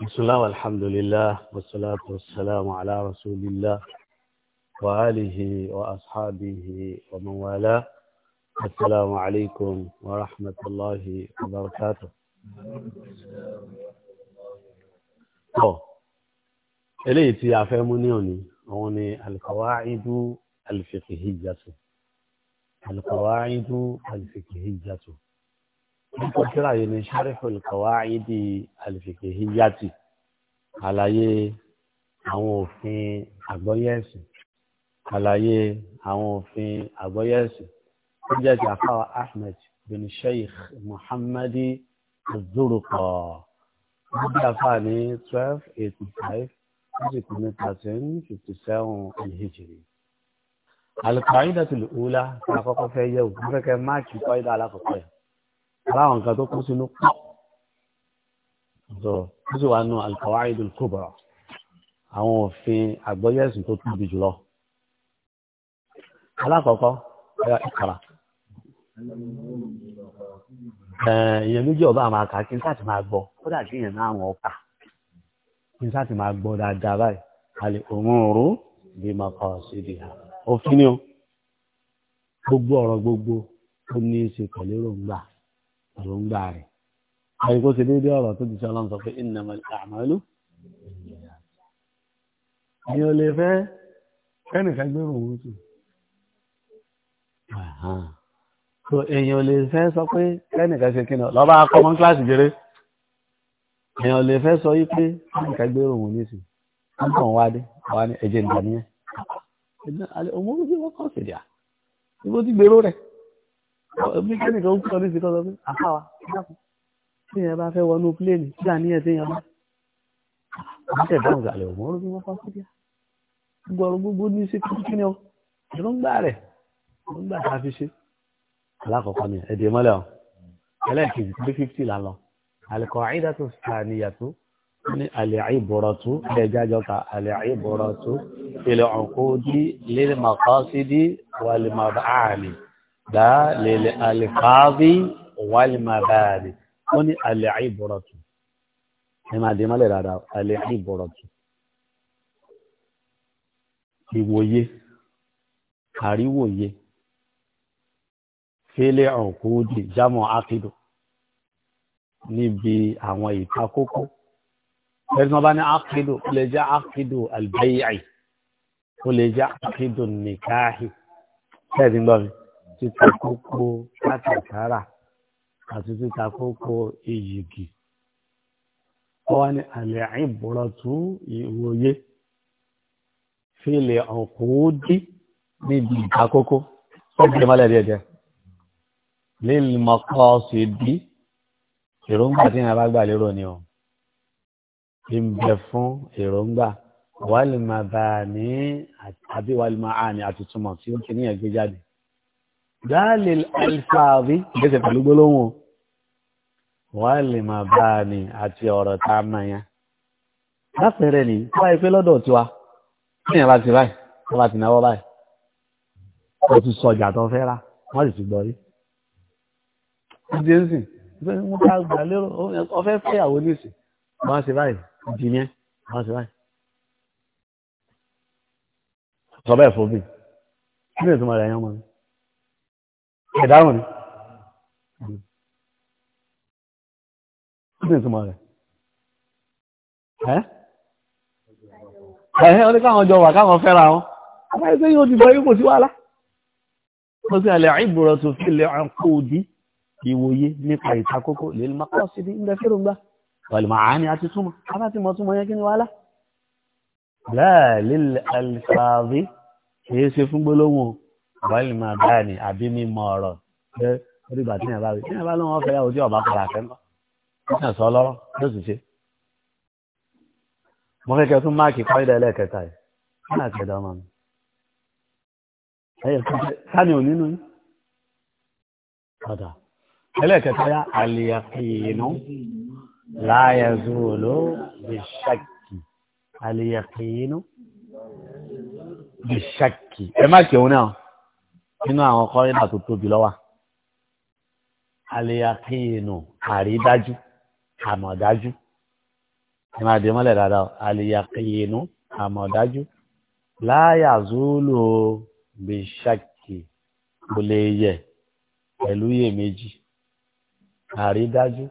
بسم الله والحمد لله والصلاة والسلام على رسول الله وآله وأصحابه ومن والاه السلام عليكم ورحمة الله وبركاته أو إليه تيافهموني هوني القواعد الفقهية القواعد الفقهية nípa tíra yìí ni sharihul qawaidi al-fiqhiyyati àlàyé àwọn òfin àgbọ́yẹ̀sìn àlàyé àwọn òfin àgbọ́yẹ̀sìn tó jẹ́ ti àfáwà ahmed bin sheikh muhammadi azuruqa wọ́n bí àfáà ní twelve eighty five wọ́n sì kú ní thirteen fifty seven alhijiri. al-qa'idatu al-ula ta kọ́kọ́ fẹ́ yẹ̀wò wọ́n máàkì kọ́ ìdá alákọ̀ọ́kọ́ yẹn aláwọn nǹkan tó kún sínú pọ̀ so ó sì wá nu alqawaidul kubra àwọn òfin àgbọ́yẹ̀sìn tó tóbi jùlọ alákọ̀ọ́kọ́ ẹ̀yà ìkàrà èèyàn méjì ọba àmà kà kí n sáà ti máa gbọ́ ó dà kí èèyàn náà àwọn ọkà kí n sáà ti máa gbọ́ dáadáa báyìí àlè òun òru bí mo kọ sí ibi òfin ni o gbogbo ọ̀rọ̀ gbogbo ó ní í ṣe pẹ̀lú èròǹgbà èròǹgbà rẹ̀ àyè kó ṣe déédéé ọ̀rọ̀ tó ti sọ ọlọ́run sọ pé innamal a'malu ni o lè fẹ́ ẹnìkan gbèrò òun tù so èèyàn lè fẹ́ sọ pé ẹnìkan ṣe kí ni lọ́ba common class jẹrẹ èèyàn lè fẹ́ sọ yí pé ẹnìkan gbèrò òun nísìn wọ́n kàn wá dé àwa ní ẹ̀jẹ̀ nìkan nìyẹn òun ló fi wọ́n sí ìdíà ibo ti gbèrò rẹ̀ bí kí nìkan ń sọ ní ìsìnkọ́ sọ pé àfáwa dákun tí yẹn bá fẹ́ wọnú pléènì tí à ní ẹ̀ tí yẹn bá wọ́n tẹ̀ dáhùn gàlẹ̀ òun ló fi wọ́n fásitì díà gbogbo ọ̀rọ̀ gbogbo ní sí kíkí ni ọ ìrọ̀ǹgbà rẹ̀ ìrọ̀ǹgbà tá a fi ṣe alákọ̀ọ́kọ́ ni ẹ̀dẹ̀ mọ́lẹ̀ ọ ẹlẹ́ẹ̀kejì three fifty là lọ àlẹ́kọ̀ àìdá tó sàníyà tó ní àlẹ́ àìbọ̀rọ̀ tó ẹ̀já jọta àlẹ́ àìbọ̀rọ̀ tó ilẹ̀ ọ̀kọ́ dí lẹ́lẹ́mọ̀kọ́ sí dá lèlẹ̀ àlìfáàbí wàlìmàbáàrí ó ní àlẹ̀ àìbọ̀rọ̀tù ẹ máa dé mọ́lẹ̀ dáadáa àlẹ̀ àìbọ̀rọ̀tù ìwòye àríwòye fẹ́lẹ̀ ọ̀kúndì jámọ̀ ákìdù níbi àwọn ìtakókó ẹ̀sùn ọba ní ákìdù ó lè jẹ́ ákìdù àlùbáyé àì ó lè jẹ́ ákìdù nìkáàhì ṣẹ́ẹ̀dínlọ́rin títa kókó kátàkárà àti títa kókó ìyìgì ọwọ́ ni àlẹ́ àìbọ̀rọ̀tù ìwòye fílẹ̀ ọ̀kúndí níbi ìtakókó ọ̀gbìn mọ́lẹ̀ díẹ̀díẹ̀ lílì mọ́kọ́ ṣe bí èròǹgbà tí yàrá gbà lérò ni o ìbẹ̀ fún èròǹgbà wàlìmọ̀ bá ní àbí wàlìmọ̀ àní àti túmọ̀ tí ó ti níyàn gbé jáde dalil alfaazi gbèsè pẹ̀lú gbólóhùn wàá lè máa bá a ní àti ọ̀rọ̀ tá a máa yá lápẹẹrẹ ni wọ́n yẹ pé lọ́dọ̀ tiwa ní ìyàrá ti báyìí wọ́n bá ti náwó báyìí wọ́n ti sọ ọjà tó fẹ́ rà wọ́n sì ti gbọ́ rí. ìdí nsìn pé wọ́n bá gbà lérò ọfẹ́ fẹ́yàwó nísìn wọ́n ṣe báyìí ìdí yẹn wọ́n ṣe báyìí. sọ bẹ́ẹ̀ fún mi kí ni ìtumọ̀ rẹ̀ yẹn mọ́ mi ẹ̀dáhùn ni kí ni ìtumọ̀ rẹ̀ ẹ́ ẹ̀hẹ́ oní káwọn jọ wà káwọn fẹ́ra wọn àbáyé tó yóò dìbọn yóò sí wàhálà mo sì àlẹ́ ìbùrọ̀ di ìwòye nípa ìtakókó lè má kọ́ sí ní ilẹ̀ fẹ́rùngbà pẹ̀lú màá ní àti túmọ̀ abá ti mọ̀ túmọ̀ yẹn kí ni wàhálà láàlẹ́ alifààbí kìí bọ́ọ̀lì máa bá ní àbí mímọ̀ ọ̀rọ̀ pé orí ìgbà tí yẹn bá rí tí yẹn bá lóun ọ̀fẹ́ ojú ọ̀bá padà fẹ́ ńkọ́ ó sì sọ lọ́rọ́ yóò sì ṣe. mo kẹ́kẹ́ tún máàkì kọ́ídà ẹlẹ́ẹ̀kẹta yìí wọ́n náà kẹ́dà ọmọ mi. ẹ̀yẹ fún ṣe sáni ò nínú yín. ọ̀dà ẹlẹ́ẹ̀kẹta yá àlìyàkìnú láyà zúlò bí ṣàkì àlìyàkìnú ẹ má kí òun náà nínú àwọn kọ́rínà tó tóbi lọ́wọ́ aliyakínu àrídájú àmọ̀dájú ẹ máa dé mọ́lẹ̀ dáadáa aliyakínu àmọ̀dájú láyà zúlò bíṣàkì kò lè yẹ pẹ̀lú iyèméjì àrídájú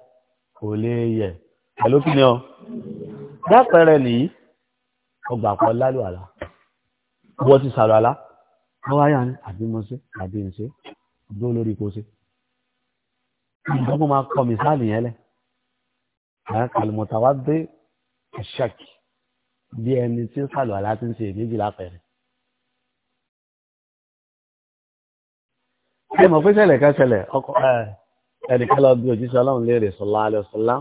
kò lè yẹ pẹ̀lú kí ni ọ dápẹ̀rẹ̀ nìyí ọgbà kan lálùwàlà wọ́n ti sàlùwàlà wáyà ni àbí mo ṣe àbí n ṣe dúró lórí ipò ṣe. ìjọba mo máa kọ mísáàlì yẹn lẹ àkàlùmọ̀tà wá dé ṣáàkì bí ẹni tí ń sàlù àlá ti ń ṣe èméjì lápẹẹrẹ. ẹ mọ̀ pé ṣẹlẹ̀ kan ṣẹlẹ̀ ọkọ ẹnìkan lọ bí òjíṣẹ́ ọlọ́run léèrè sọlá alẹ́ sọlá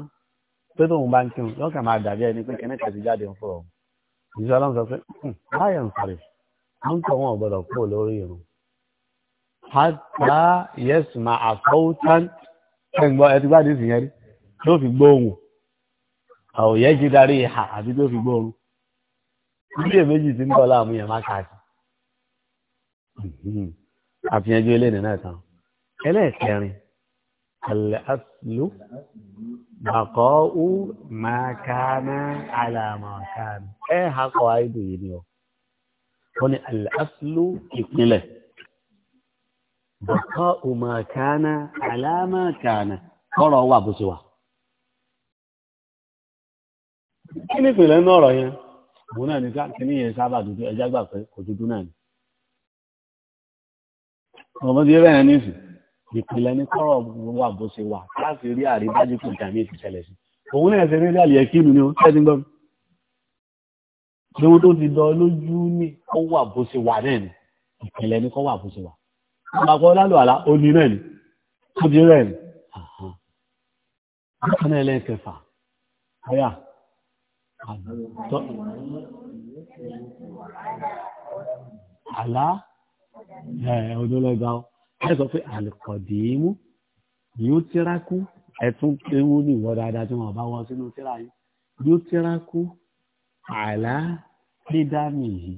pé tóun bá ń kírun lọ́kàn máa dàbí ẹni pé kẹ́nìkan ti jáde ń fọ̀ òjíṣẹ́ ọlọ́run sọ pé báyọ̀ ń sọ̀rọ̀ à ń tọ̀ wọn ò gbọ́dọ̀ kúrò lórí irun. hata yasma asawtan ẹ̀gbọ́n ẹ ti gbádùn ìsìn yẹn rí ló fi gbóhùn àwòyẹ jí darí ìhà àti tó fi gbóhùn ilé méjì tí ń bọ̀ láàmú yẹn má káàkiri hmm. àfihànjú eléyìí náà tán ẹlẹ́ẹ̀kẹrin al-aslu bàkọ́ ú màkánà àlàmọ̀kánà ẹ̀ hà kọ́ àìdù yìí ni o wọ́n ní al-aslu ìpínlẹ̀ bàbá òmà kánà àlámà kánà kọ́rọ̀ wà bó ṣe wà. kí ni ìpìlẹ̀ ń ọ̀rọ̀ yẹn òun náà ní kíní yẹn sábà dúdú ẹja gbà pé kò dúdú náà ni. ọmọdé bẹ́ẹ̀ ní ìsìn ìpìlẹ̀ ní kọ́rọ̀ wà bó ṣe wà láti rí àrídájú kò dàmí ìṣẹ̀lẹ̀ sí. òun náà ṣe ní ìdálẹ̀ kí ni ó tẹ́sí gbọ́n lówó tó ti dán lójú ní kó wà bó ṣe wà náà ni ìpìlẹ̀ ní kó wà bó ṣe wà àpapọ̀ lálọ́ àlá ó ní rẹ̀ ni ó di rẹ̀ ni bákan náà ẹlẹ́ẹ̀kẹfà ọ̀yà àlá ẹ̀ ọdọ́lọ́gba ọ ẹ sọ pé àlùkọ̀dìímù yóò tíráku ẹ̀tún kéwú nìwọ dáadáa tí wọn bá wọ sínú tíra yìí yóò tíráku àlá dídámì yìí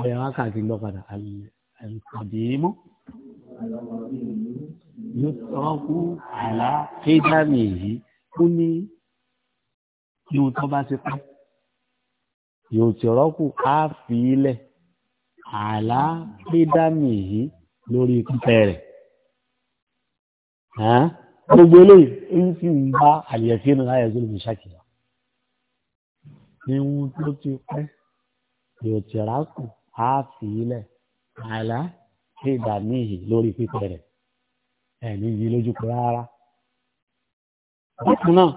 ọ̀yà wákàtí ń lọ padà àlùkọ̀dìmọ́ yóò àlá dídámì yìí ó ní ihun tó bá ti pẹ́ yóò ti rọ́kù ká fi ilẹ̀ àlá dídámì yìí lórí pípẹ́ rẹ̀ gbogbo eléyìí ń fi ń bá àlìyẹ̀fínú láyé zulu mi ṣàkíyà ihun tó ti pẹ́ yóò ti rà kù á fi ilẹ̀ àlá ìgbà níhì lórí pípẹ́ rẹ̀ ẹ̀mí yìí lójú kọ rárá. bákan náà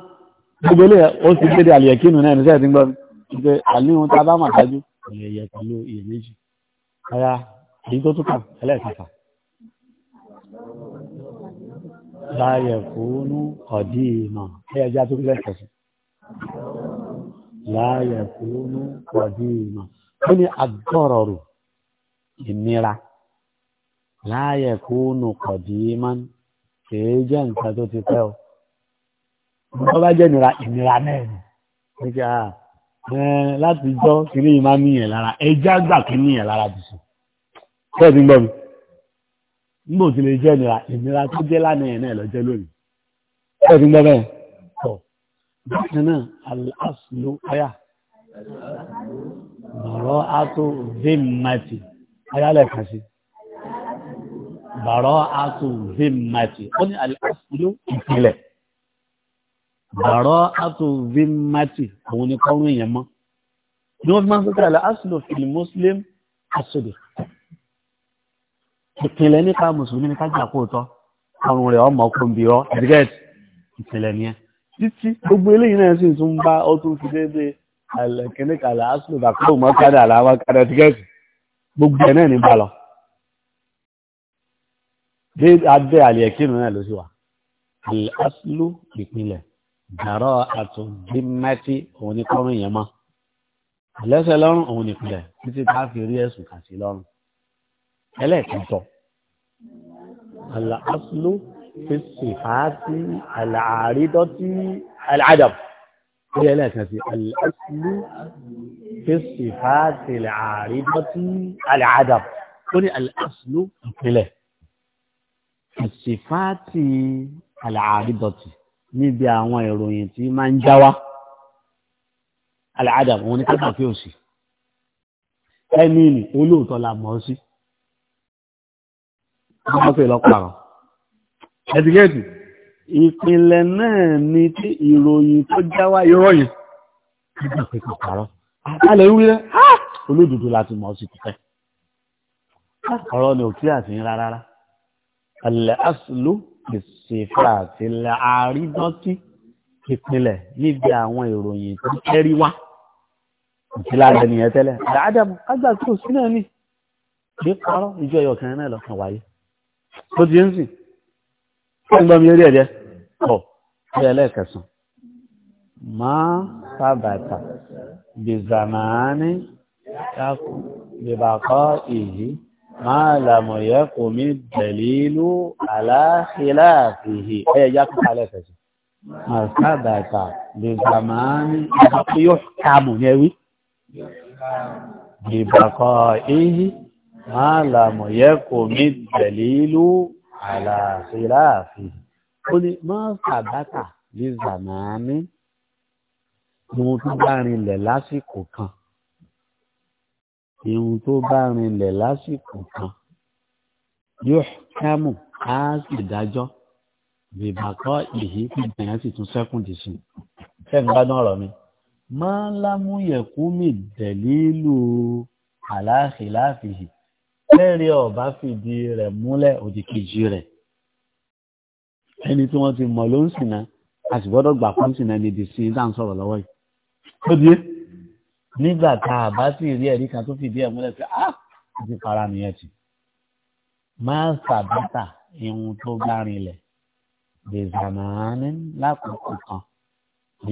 gbogbo ilé ó ti kéde àlìyẹ̀kínu náà níṣẹ́ ti ń gbọ́ mi pé àníhun tá a bá mà dájú kò lè yẹ pẹ̀lú iyèméjì ara èyí tó tún kà ẹlẹ́ẹ̀kẹfà. láyẹ̀ fún ọ̀dí ìmọ̀ ẹ̀yẹ́jà tó fi lẹ́sẹ̀ sí láàyè fúnú pọ̀jù ìmọ̀ ó ní agbọ́rọ̀rù ìnira láàyè fúnú pọ̀jù ìmọ̀ kìí jẹ́ nǹkan tó ti pẹ́ o wọ́n bá jẹ́ ìnira ìnira náà ni wípé ah, eh, láti jọ́ kìíní yìí máa níyàn lára ẹja gbà kìíní yàn lára jù sùn bẹ́ẹ̀ ti gbọ́ mi nígbà tí lè jẹ́ ìnira ìnira tó jẹ́ lánàá yẹn náà lọ́jọ́ lónìí bẹ́ẹ̀ ti gbọ́ bẹ́ẹ̀ bákan náà aláṣìlú ọyà bàrọ́ àtò zimmati ayálẹ̀ kan sí bàrọ́ àtò zimmati ó ní aláṣìlú ìpìlẹ̀ bàrọ́ àtò zimmati òun ni kọ́rùn èèyàn mọ́ ni wọ́n fi máa ń sọ́kẹ́ aláṣìlú fìlì muslim asòdì ìpìlẹ̀ nípa mùsùlùmí ní kájà kóòtọ́ àwọn rẹ̀ ọmọ ọkùnrin bí títí gbogbo eléyìí náà sì tún bá ọtún fi dédé àlẹ̀kẹ́nìkàlà áṣùlù bàkúrò mọ́kádà làwọn kádà tíkẹ́ẹ̀tì gbogbo ẹ̀ náà ní balọ̀ dé abẹ́ àlẹ̀kẹ́nù náà ló sì wà áṣùlù ìpínlẹ̀ dàrọ́ àtúndínmẹ́tì òun ní kọ́rùn yẹn mọ́ àlẹ́sẹ̀ lọ́rùn òun ní ìpínlẹ̀ títí tá fi rí ẹ̀sùn kà sí lọ́rùn ẹlẹ́ẹ̀kẹ́tọ̀ àlẹ́ áṣùlù fi sèfàásì àlàárídọ́tì àlàádàm ilé ẹlẹ́ẹ̀kan sí àlàásìlú fi sèfàásì àlàárídọ́tì àlàádàm ó ní àlàásìlú ìpínlẹ̀ sèfàásì àlàárídọ́tì níbi àwọn ìròyìn tí máa ń já wá àlàádàm òun ní kákàkí òsì ẹni olóòótọ́ la mọ̀ ọ́ sí wọ́n fẹ́ lọ́pàá rọ̀ ẹ̀dìgẹ́dì ìpìnlẹ̀ náà ni tí ìròyìn tó jáwá ìròyìn nígbà pé kò parọ́ alẹ́ ń wílẹ̀ olódodo láti mọ̀ sí pípẹ́ ọ̀rọ̀ ni òkè àti ń rárá alẹ́ asìlú ìṣèfà àti ilẹ̀ àrídọ́tí ìpìnlẹ̀ níbi àwọn ìròyìn tó kẹ́rí wá ìtìlára nìyẹn tẹ́lẹ̀ dáadáa kágbà tó sí náà ní kí parọ́ ìjọ ẹ̀yọ̀ kan náà lọ́kàn wáyé tó ti ń sìn ọgbọ́n mi rí ẹ̀jẹ̀ ọ̀ bí ẹlẹ́ẹ̀kẹsàn máa sábàtà bìzàmáàní kákù bìbàkọ́ ìyí máa làmọ̀yẹ́ kò mí dẹ̀lílú aláhìláàfihì ẹ̀yẹ já kúkà lẹ́ẹ̀kẹsàn máa sábàtà bìzàmáàní kákù yóò kàmù ní ẹwí bìbàkọ́ ìyí máa làmọ̀yẹ́ kò mí dẹ̀lílú àlàáfíà àfihàn ó ní mọ́ọ̀sà bàtà ní zàmáàmì ohun tó bá rinlẹ̀ lásìkò kan ohun tó bá rinlẹ̀ lásìkò kan yóò kámù á sì dájọ́ bìbàkọ́ ìhí ìgbìyàn sì tún sẹ́kùn dì sí sẹ́kùn bá dán ọ̀rọ̀ mi máa ń lámúyẹ̀kú mi dẹ̀lílù àlàáfíà àfihàn lẹ́rìí ọ̀bá fìdí rẹ̀ múlẹ̀ òdì kejì rẹ̀ ẹni tí wọ́n ti mọ̀ ló ń sìnà a sì gbọ́dọ̀ gbà fún sìnà ní ìdí sí dáhùn sọ̀rọ̀ lọ́wọ́ yìí. ó di nígbà tá a bá sì rí ẹ̀rí kan tó fìdí ẹ̀ múlẹ̀ pé a ti fara nìyẹn ti máa ń sàbátà irun tó bá rinlẹ̀ bèzàmánì lákòókò kan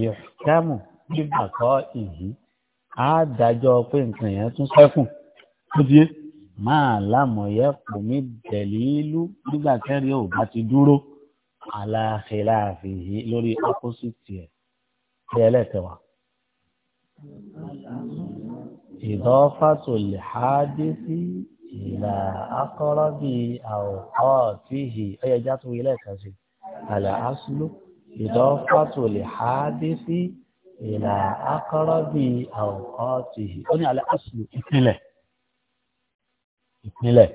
lè kẹ́mù nígbà kọ́ ìyí á dájọ́ pé nǹkan yẹn tún sẹ́kù ó di máa lámọ̀yẹ́ kò ní dẹ̀lílú nígbà tẹ́rí ò bá ti dúró aláàfẹ́lá àfihì lórí ọ́pọ́sìtì ẹ̀ tí ẹlẹ́tẹ̀wá. ìdọ́fàtò lè há dé sí ìlà akọ́rọ́bì àwòkọ́ tìhì ọyẹjá tó wí lẹ́ẹ̀kan sí àlà asúlù ìdọ́fàtò dé sí ìlà akọ́rọ́bì àwòkọ́ tìhì ó ní àlà asúlù ìpínlẹ̀ ìpínlẹ̀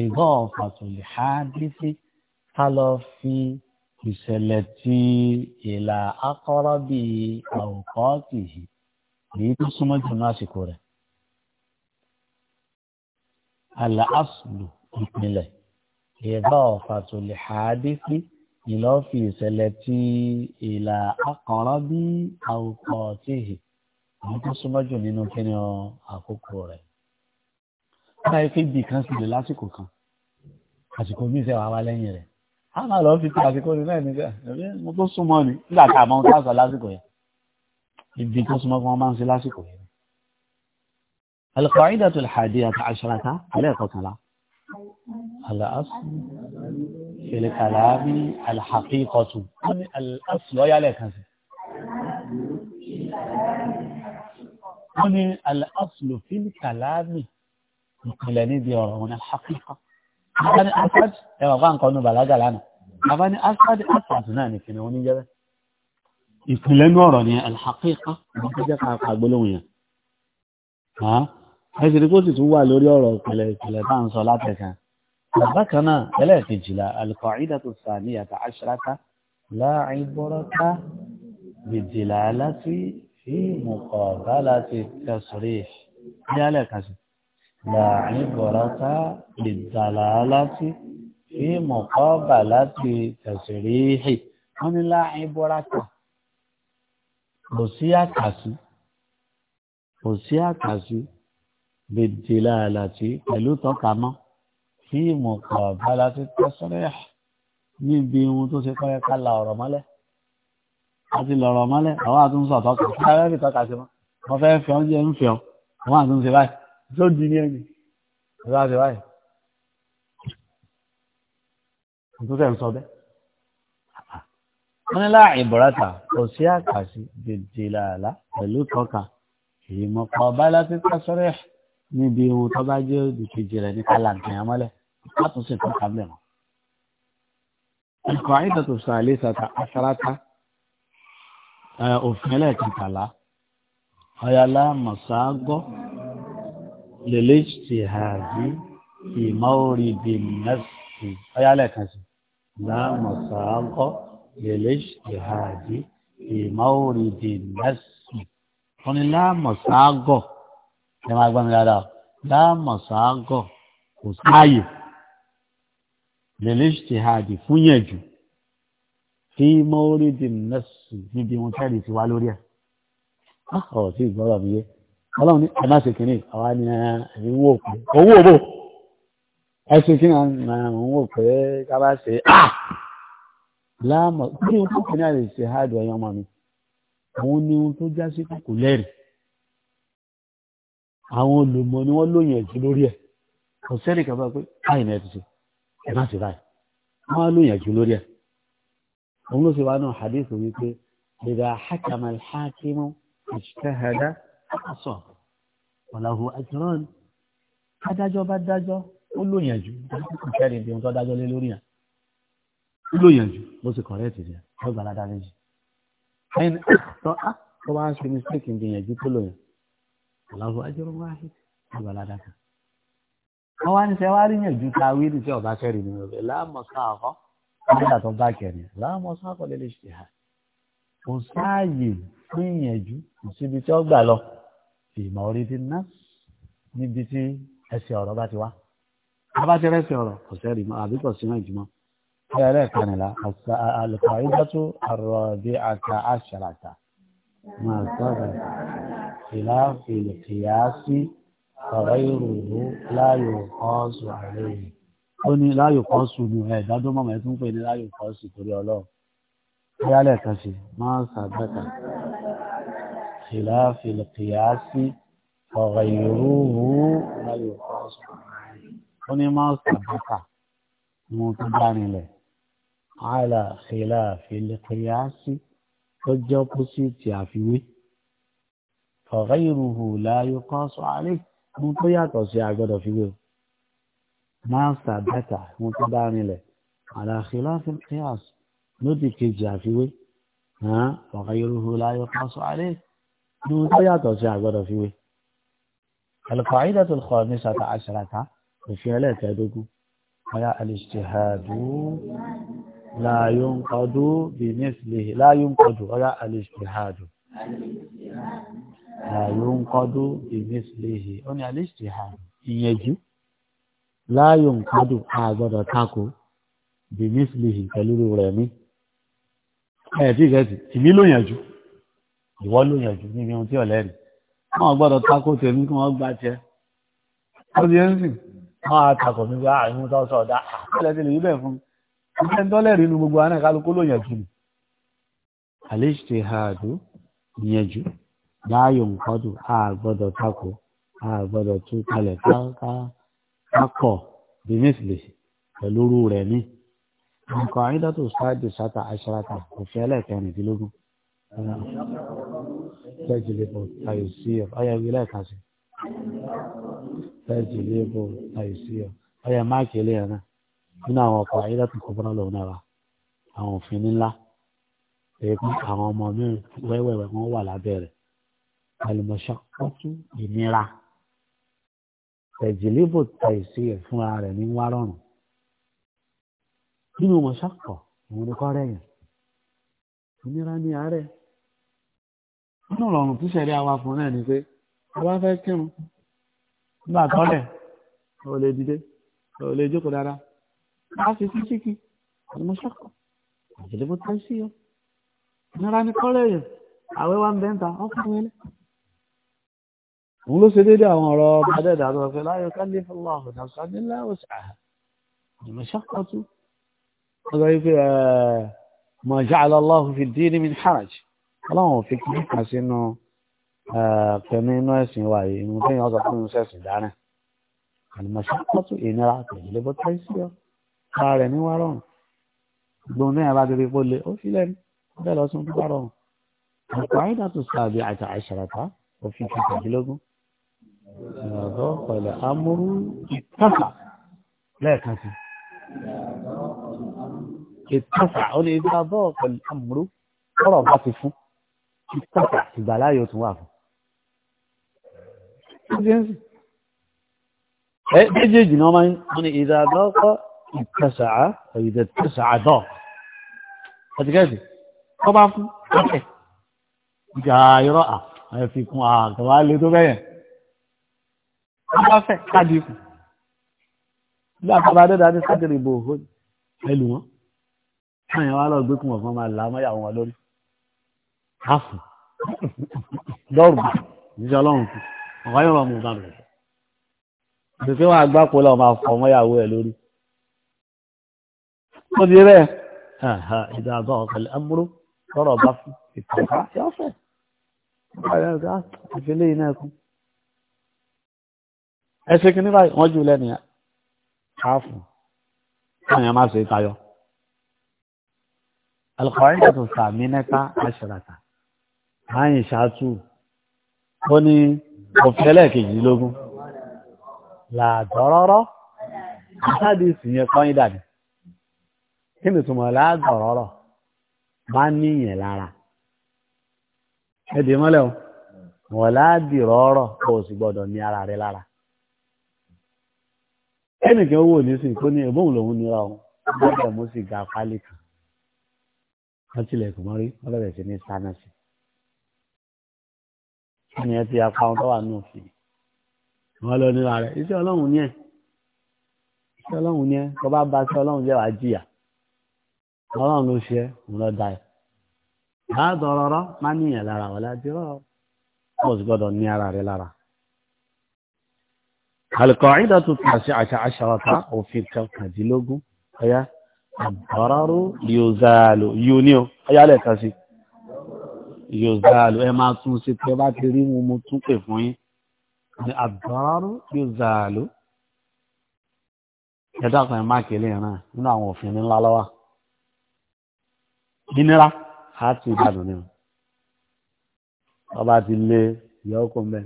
ìgbọ́n fàtòlì ha dé sí ká lọ fi ìṣẹ̀lẹ̀ tí ìlà akọ́rọ́ bíi àwòkọ́ọ̀tì yìí èyí tó súnmọ́ jù ní àsìkò rẹ̀. àlà àsùlù ìpínlẹ̀ ìgbọ́n fàtòlì ha dé sí ìlọ́fi ìṣẹ̀lẹ̀ tí ìlà akọ́rọ́ bíi àwòkọ́ọ̀tì yìí èyí tó súnmọ́ jù nínú kíni àkókò rẹ̀ báyìí pé bì kan sì lè lásìkò kan àsìkò míì sẹ́wàá wá lẹ́yìn rẹ̀ a máa lọ fi ti àsìkò ní náà nígbà mo tó súnmọ́ ni nígbà tá a mọ ohun tá a sọ lásìkò yẹn ibi tó súnmọ́ kí wọ́n máa ń ṣe lásìkò yẹn. القاعدة الحادية عشرة عليها قتلة الأصل في الكلام الحقيقة الأصل ويا عليك هذا هنا الأصل في الكلام ìpìlẹ̀ níbi ọ̀rọ̀ òun àkíkọ́. Abani Asad ẹwà bá nǹkan nu bàlágà lánàá. Abani Asad Asad náà ní kìnìún ní jẹ́rẹ́. Ìpìlẹ̀ ní ọ̀rọ̀ ni àkíkọ́ ní kí jẹ́ ká gbólóhùn yẹn. Ẹ sì rí kó sì tún wà lórí ọ̀rọ̀ ìpìlẹ̀ ìpìlẹ̀ tá à ń sọ látẹ̀kan. Bákan náà, ẹlẹ́ẹ̀kejìlá, al-qa'idatu thaniyata ashrata la ibrata bidilalati fi muqabalati tasrih. Ní alẹ́ kan láàrin bọ̀rọ̀ta ìdàlálátì fi mọ̀kọ́ bà láti tẹ̀sìrí hì wọ́n ní láàrin bọ̀rọ̀ta kò sí àkàsí kò sí àkàsí bìdìlálátì pẹ̀lú tọ́kamọ́ fi mọ̀kọ́ bà láti tẹ̀sìrí hì níbi ohun tó ṣe kọ́yẹ́ ká la ọ̀rọ̀ mọ́lẹ̀ àti lọ̀rọ̀ mọ́lẹ̀ àwọn àtúnṣe ọ̀tọ́kọ̀ kí a fẹ́ fi tọ́ka sí wọn wọ́n fẹ́ fi ọ́n jẹ́ ń fi ọ́ wọ́n àtúnṣe báyìí tó di ní ẹni ọ̀rọ̀ àti wáyé tó tẹ̀ ń sọ bẹ́ẹ̀. wọ́n ní láàrin bọ̀rátà kò sí àkàsí dèjì làálá pẹ̀lú tọ́ka èyí mọ̀ pa ọba láti pásọ́rẹ́ níbi ohun tó bá jẹ́ òdìkejì rẹ̀ ní kálàǹtì àmọ́lẹ̀ látúnṣe tó kàbẹ̀ lèlèjìtìhàdì ìmọ̀ọ́rìdì nẹ́sì ọ̀yálẹ̀ kan sí lámọ̀sáàkọ́ lèlèjìtìhàdì ìmọ̀ọ́rìdì nẹ́sì wọ́n ní lámọ̀sáàgọ̀ ẹ máa gbọ́n mi dáadáa lámọ̀sáàgọ̀ kò sáàyè lèlèjìtìhàdì fúnyẹ̀jù ìmọ̀ọ́rìdì nẹ́sì níbi wọn kẹ́rì ti wá lórí ẹ̀ ọ̀rọ̀ sí ìgbọ́rọ̀ mi yé ọlọ́run ní ẹ̀máṣe kìíní àwa ni ẹ̀yìnwó òpè owó òbò ẹ̀ṣin ah! kí náà òpè kábà ṣe á láàmọ̀ kí n tó kìíní àlè ṣe háàdù ẹ̀yọ́ ọmọ mi àwọn ní ohun tó já sí kòkò lẹ́rìí àwọn olùmọ̀ ni wọ́n lóyìn ẹ̀jú lórí ẹ̀ kò sẹ́ni kan bá pé báyìí náà ti ṣe ẹ̀máṣe báyìí wọ́n á lóyìn lórí ẹ̀ òun ló ṣe wá náà hadith wípé ìdá hakama al-hakimu àkàsọ̀ ọ̀làwọ̀ àjọrán adájọ́ bá dájọ́ ó lóyìn jù kò kẹ́rin bí ohun tó dájọ́ lé lórí yàn ó lóyìn jù bó ti kọ̀rẹ́ ti rẹ̀ ó gbà ládàá méjì ẹni àtọ́ á tó bá ń ṣe mistake ń gbìyànjú tó lóyìn ọ̀làwọ̀ àjọrán wá sí ó gbà ládàá kan wọ́n wá ní sẹ́ wá rí yànjú ta wíìlì tí ọba kẹ́rin ni ọ̀bẹ láàmọ̀sá àkọ́ nígbà tó bá kẹ́rin láàmọ̀sá àkọ́ lè lè ṣe àkọ́ kò sáàyè fún ìyànjú ìṣibi tí ó gbà lọ fi mawridi nas níbi tí ẹsẹ̀ ọ̀rọ̀ bá ti wá abájẹ́rẹ́ ẹsẹ̀ ọ̀rọ̀ kò sẹ́rì mọ́ àbí kò sí náà jùmọ́ ẹ̀rẹ́ kanìlá al-qa'idatu ar-rabi'ata 'ashrata máa sábà ìlà al-qiyasi ọ̀rẹ́rùrù láyò kọ́ọ̀sù àlẹ́yìn ó ní láyò kọ́ọ̀sù ní ẹ̀ ìdádó mọ́mọ́ ẹ̀ tún pè ní láyò kọ́ọ̀sù torí ọlọ́run ó yálẹ̀ kan sí máa sàgbẹ́ta خلاف القياس وغيره لا يقاس هنا ما سبق متبانله على خلاف القياس tọjọ pósìtì àfiwé ọ̀rẹ́ ìrùhù láàyò kan sọ àárẹ̀ mú tó yàtọ̀ sí àgbọ̀dọ̀ fiwé o máa ń sàbẹ́tà mú tó bá rinlẹ̀ àlàáfíà fílkíàs lódì kejì àfiwé ọ̀rẹ́ ìrùhù láàyò kan sọ àárẹ̀ ní ohun tó yàtọ̀ sí àgbọ̀dọ̀ fi wé alqaidatul khamisata ashrata òfin ẹlẹ́ẹ̀kẹ́dógún ọ̀yà alìṣèhàdù láyúnkọdù bìmísìlì láyúnkọdù ọ̀yà alìṣèhàdù láyúnkọdù bìmísìlì ó ní alìṣèhàdù ìyẹjú láyúnkọdù àgbọ̀dọ̀ tako bìmísìlì pẹ̀lú rẹ̀ mí ẹ̀ẹ́dì ìmí ló yànjú ìwọ ló yànjú níbi ohun tí ọ̀lẹ́ rí wọn gbọ́dọ̀ takò tèmi kí wọ́n gbà jẹ́ ó di ẹ́ńsì wọn á takò mi wá àìmú tó sọ ọ̀dà àpẹẹrẹ ti lè rí bẹ́ẹ̀ fún mi ìgbẹ́ ń tọ́lẹ̀ rí inú gbogbo àná kálukú ló yànjú ni. àlejò àdó ìyànjú láàyò nǹkan dùn á gbọ́dọ̀ takò á gbọ́dọ̀ tú kalẹ̀ kákọ̀ bínísìlè pẹ̀lú rẹ̀ ní. nǹkan àyídàtò sáà تجلب التيسير أي ولاية حسن تجلب التيسير أي ما كلي àwọn òfin ńlá èyí àwọn ọmọ mi wẹ́wẹ́wẹ́ wọn wà lábẹ́rẹ̀ àlùmọ̀ṣá pọ́tù ìnira tẹ̀jìlíbò tẹ̀sí ẹ̀ fúnra rẹ̀ ní wá rọrùn nínú mọ̀ṣá pọ̀ òun ni kọ́ rẹ̀ yẹn ìnira ní àárẹ̀ nínú ìrọ̀rùn tí sẹ̀rí àwa fún náà ni pé a bá fẹ́ kírun nígbà tọ́lẹ̀ ò lè dìde ò lè jókòó dára a fi sí síkì àlùmọ́sọ́kọ̀ àjẹ̀dẹ́gbó tá sí ọ nira ní kọ́lẹ̀ yẹn àwẹ́ wa ń bẹ́ ń ta ọkùnrin ilé òun ló ṣe déédéé àwọn ọ̀rọ̀ bàdẹ́dà tó fẹ́ láyọ̀ kálí fúnlá ọ̀dà sọ́dínlá ọ̀sà àlùmọ́sọ́kọ̀ tó ọ̀rọ̀ yìí pé mọ̀já àlọ́láhùn fi dín ní mi ní ọlọ́run ò fi kí nípa sínú pẹ̀lú eh, inú ẹ̀sìn wa yìí inú tẹ́yìn ọ̀sán fún iṣẹ́ ẹ̀sìn dáná àlùmọ̀ṣẹ́ pọ́tù ìnira pẹ̀lú bó tẹ́ sí ọ ara rẹ̀ ní wá rọrùn gbọ́n náà bá débi pó le ó sílẹ̀ bẹ́ẹ̀ lọ sún bá rọrùn ọ̀pọ̀ àyíká tó sàbí àti àṣàràtà òfin kẹtàdínlógún ìrọ̀dọ́ pẹ̀lú amúrú ìtàfà lẹ́ẹ̀kan sí ìtàfà ó ní ìdá bọ́ọ̀ pẹ̀lú amúrú ọ̀rọ̀ bá ti fún ìtàkà ìgbàláyò tún wà fún. méjèèjì náà máa ń ní ìdàdọ́kọ́ ìtẹ̀sàá ìdẹ̀tẹ̀sàádọ́ ẹ̀tìkẹ́sì tó bá fún ọ̀kẹ́ ìjà irọ́ àfikún àgbà lè tó bẹ́yẹn tó bá fẹ́ káàdì fún ilé àtàbà dẹ́dà ní sátìrì ìbò òhún ẹlù wọn láyìn wá lọ gbé kùmọ̀ fún ọmọ àlàmọ́yà wọn lórí hafu dọ́rùbù jíjọ ọlọ́run kù ọ̀gá yóò rọrùn bá bẹ̀rẹ̀ ṣe pé wọ́n agbáko lọ máa fọ ọmọ ìyàwó ẹ̀ lórí ó di rẹ̀ ìdá àgbà ọ̀kẹ́lẹ̀ amúrú lọ́rọ̀ bá fún ìtàkà yóò fẹ́ ìfẹ́lẹ́ iná ẹkún ẹ ṣe kìíní báyìí wọ́n jù lẹ́nu yẹn hafu wọ́n yẹn má ṣe tayọ alùpàá yìí tó sàmì nẹ́ta àṣírata àyìn ṣáàtú ó ní òfin ẹlẹ́ẹ̀kejìlélógún làgọ́rọ́rọ́ àtàdìsì yẹn kọ́yìn dàbí kí ni túmọ̀ làgọ́rọ́rọ́ bá níyẹn lára ẹ̀dì mọ́lẹ̀ o wọ́n láàdì rọ́rọ̀ kò sì gbọ́dọ̀ ní ara rẹ lára ẹnìkan owó ní sí kó ní ẹ̀bùn lòun ní ọ̀hún gbọ́dọ̀ mú sí ga pálí kan wọ́n tilẹ̀ kò wọ́n bẹ̀rẹ̀ sí ní sánà ẹni ẹ ti apá wọn tó wà ní òfin wọn lọ nílò rẹ iṣẹ́ Ọlọ́run ni ẹ iṣẹ́ Ọlọ́run ni ẹ tó bá ba iṣẹ́ Ọlọ́run jẹ́ wàá jìyà Ọlọ́run ló ṣe é òun lọ da ẹ máa dọrọrọ máa níyàn lára wọlé àdìrọ wọn sì gbọ́dọ̀ ní ara rẹ lára. القاعدة التاسعة عشرة وفي كوكب لوجو هي الضرر يزال يونيو هي عليك أسي yòzàlù ẹ máa tún sí pé bá ti rí wọn mo tún pè fún yín ní àdọ́rù yòzàlù ẹ dákun ẹ má kéle ìran nínú àwọn òfin ńlá lọ́wọ́ nínira á ti ìbàdàn ni ọba ti lé ìyàwó kò mbẹ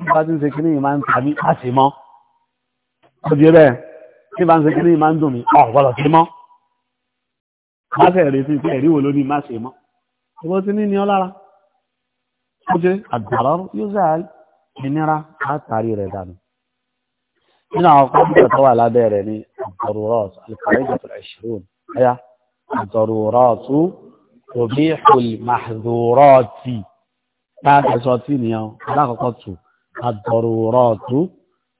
nípa tí ń ṣe kíní yìí máa ń tàbí àti mọ́ ọdí bẹ́ẹ̀ nípa ń ṣe kíní yìí máa ń dùn mí ọ̀ gbọ́dọ̀ sí mọ́ má ṣe retí pé ẹ̀rí wo ló má ṣe mọ́. ọ̀bọ̀ ti ní ní ọ lára ó jẹ́ àgbàrá yóò záàlì ìnira látàrí rẹ̀ dànù nínú àwọn kọ́mpútà tó wà lábẹ́ rẹ̀ ní àtọ̀rọ̀rọ̀tù alìkàrẹ́jọ̀tù ẹ̀ṣirùn ẹ̀yà àtọ̀rọ̀rọ̀tù tòbí ìhùlmàdùrọ̀tì táàkì sọ tí nìyẹn alákọ̀ọ́kọ́ tù àtọ̀rọ̀rọ̀tù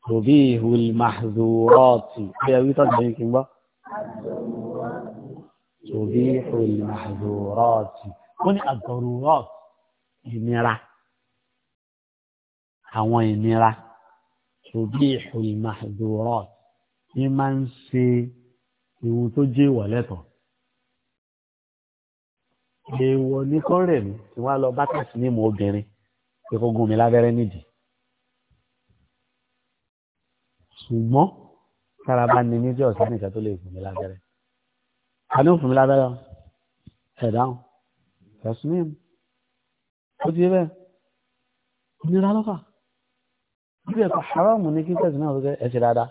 tòbí ìhùlmàdùrọ̀tì bẹ́ẹ̀ wí tọ́jú ẹ̀yìn kí n gbọ́ tòbí ìhùlmàdùrọ̀tì wọ́n ní àgọ̀rùwọ́t ìnira àwọn ìnira ṣòbí ìhùlmàdùrọ́t ní máa ń ṣe ìwọ̀n tó jẹ́ ìwọ̀ lẹ́tọ̀ èèwọ̀ ní kọ́rẹ̀ mi tí wàá lọ bá tàṣí ní mọ̀ obìnrin pé kó gún mi lábẹ́rẹ́ nídìí ṣùgbọ́n sára bá ní níjọ́ ọ̀sán nìkan tó lè gún mi lábẹ́rẹ́ a ní òfin mi lábẹ́rẹ́ ẹ̀dáhùn tasnim ó ti bẹ́ẹ̀ nira lọ́fà bí ẹ̀kọ́ haramu ní kí kẹ́sì náà lọ́gẹ́ ẹ̀ṣẹ̀ dáadáa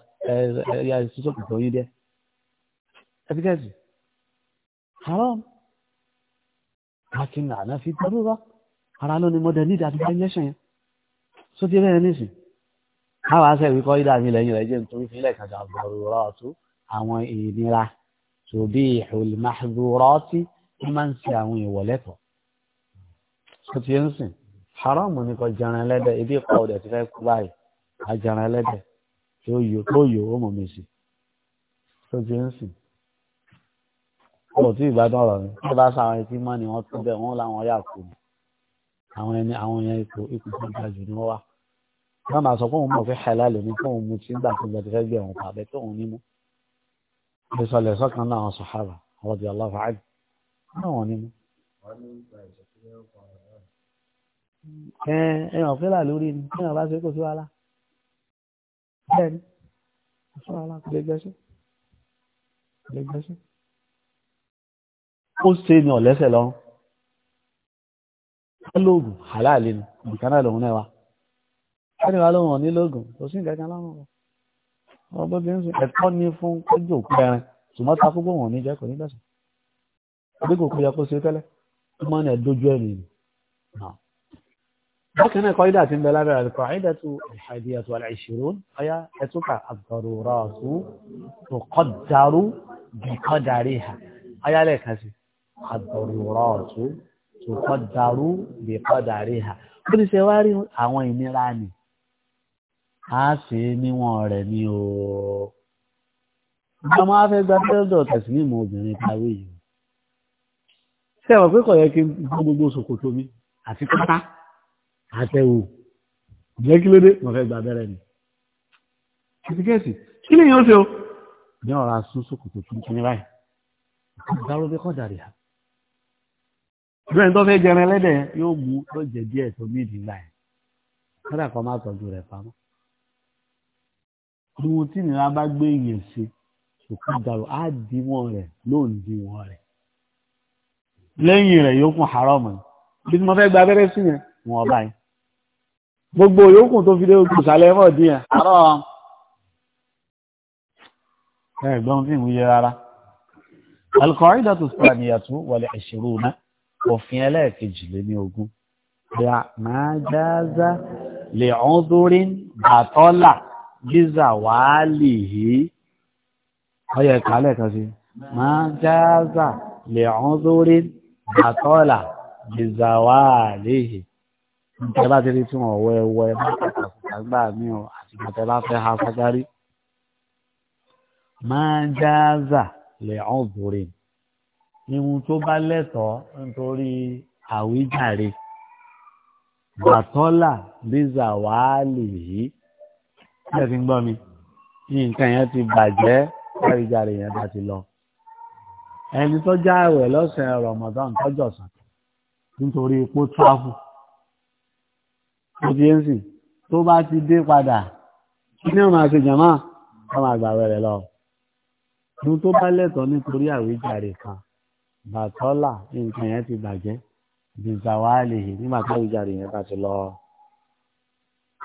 ẹ̀yà ìṣúṣọ́ kìtọ́ yín dẹ́ ẹ̀fí kẹ́sì haram akin àná fi darura ara ló ni mọ́dẹ̀ nídìí àti bẹ́ẹ̀ yẹ́sẹ̀ yẹn só ti bẹ́ẹ̀ nísìn káwá sẹ́ ìwé kọ́ ìdá mi lẹ́yìn rẹ̀ jẹ́ nítorí fílẹ̀ kàkà bọ̀rọ̀ tó àwọn ìnira tòbí ìhùlmáhùrọ́tì ó máa ń ṣe àwọn ìwọ̀lẹ́tọ̀ọ́ ó ti ń sìn haramu ni kò jẹran ẹlẹ́dẹ̀ ibi ìpa ọ̀dẹ̀ ti fẹ́ kú báyìí àjẹran ẹlẹ́dẹ̀ tó yò tó yò ó mọ̀ mí sí tó ti ń sìn ọ̀tún ìgbádùn ọ̀rọ̀ ni tó bá sáwọn ẹni tí mọ́ ni wọ́n tún bẹ̀ wọ́n láwọn yà kú ni àwọn ẹni àwọn yẹn ipò ipò tó ga jù ni wọ́n wà wọ́n máa sọ fóun mọ̀ fẹ́ halal ni fóun mu tí nígbà tó gbẹdẹ fẹ́ gbé òun pa abẹ tóun ní mú ìsọlẹ̀ sọ́kàn náà àwọn sọ̀hárà ọ̀rọ̀ di aláfàá àgbẹ̀ náà wọ́n ní mú ẹ ẹ hàn fílà lórí ni bí wọn bá ṣe kò sí wàhálà bẹ́ẹ̀ ni kò sí wàhálà kò lè gbẹ́sẹ̀ kò lè gbẹ́sẹ̀ ó ṣe ni ọ̀lẹ́sẹ̀ lọ́rùn lóògùn àláàlè ni nǹkan náà lòun náà wà ẹni wà lóhun ọ̀ní lóògùn kò sí nǹkan kan lọ́rùn rẹ̀ ọmọ bó ti ń sìn ẹ̀kọ́ ní fún kójú òkú ẹran ṣùgbọ́n ta kókó wọn ò ní jẹ́ kò ní gbẹ̀sán bí kò kó yẹ kó ṣe tẹ́lẹ̀ ó máa ẹ̀ dójú ẹ̀ nìyí. لكن قاعدة بلا القاعدة الحادية والعشرون هي أتوقع الضرورات تقدر بقدرها هي عليك هسي الضرورات تقدر بقدرها كل سواري أوين ميراني. هاسي نيوان رمي o في afẹ́ gba tẹ́lẹ̀dọ̀ tẹ̀sílímù obìnrin kàwé yìí ṣé ẹ̀wọ̀n pé kò yẹ kí àtẹ̀wò jẹ́ kí ló dé wọ́n fẹ́ gba abẹ́rẹ́ ni. kìtìkẹ́sì kí lè yàn ṣe o. ní ọ̀rọ̀ asúnṣù kò tó tuntun ní báyìí dáró bí kọ́ dàrí ha. ìbẹ̀rẹ̀ tó fẹ́ jẹrin ẹlẹ́dẹ̀ yóò mú yóò jẹ díẹ̀ tó ní ìdílé láyé kódà kan má tọ́jú rẹ̀ pamọ́. ohun tí nira bá gbé yẹn ṣe òkú dàrú á díwọ̀n rẹ̀ lóun díwọ̀n rẹ̀ lẹ́yìn rẹ̀ yóò kún haram ni bí mo fẹ́ gba abẹ́rẹ́ sí yẹn wọn ọba gbogbo yòókù tó fi dé ojú ìsàlẹ̀ mọ̀ dí ẹ̀ àárọ̀ ẹ̀gbọ́n tí ìwúyẹ rárá alkọ̀ọ́ìdà tó sọ àníyàtú wàlẹ̀ ìṣirò náà òfin ẹlẹ́ẹ̀kejì lé ní ogún ya máa jáza lè ọ́dúrín bàtọ́là gíza wàálì yìí ọyẹ ìkàlẹ̀ kan sí máa jáza lè ọ́dúrín bàtọ́là gíza wàálì yìí ẹ bá ti rí tí wọn wọ ẹwọ ẹ bá kàkà fúnra gbà mí o àti bàtà bá fẹ́ ha fagárí. máa jáàzà lè ọ̀n bòrè irun tó bá lẹ́tọ̀ọ́ nítorí àwíjàre gbàtọ́là bíza wàhálì yìí ẹ ti ń gbọ́ mi nǹkan yẹn ti bàjẹ́ àwíjàre yẹn bá ti lọ ẹni tó jáwèé lọ́sẹ̀ Ramadan tọ́jọ̀sán nítorí epo tráfù òbíyẹ́nsì tó bá ti dé padà kí ní ọmọ àti jàmá ọmọ àgbà wẹ̀rẹ̀ lọ. ohun tó bá lẹ́tọ̀ọ́ nítorí àwíjàre kan bàtọ́là nǹkan yẹn ti bàjẹ́ bìzàwálì nígbà táwíjàre yẹn bá ti lọ.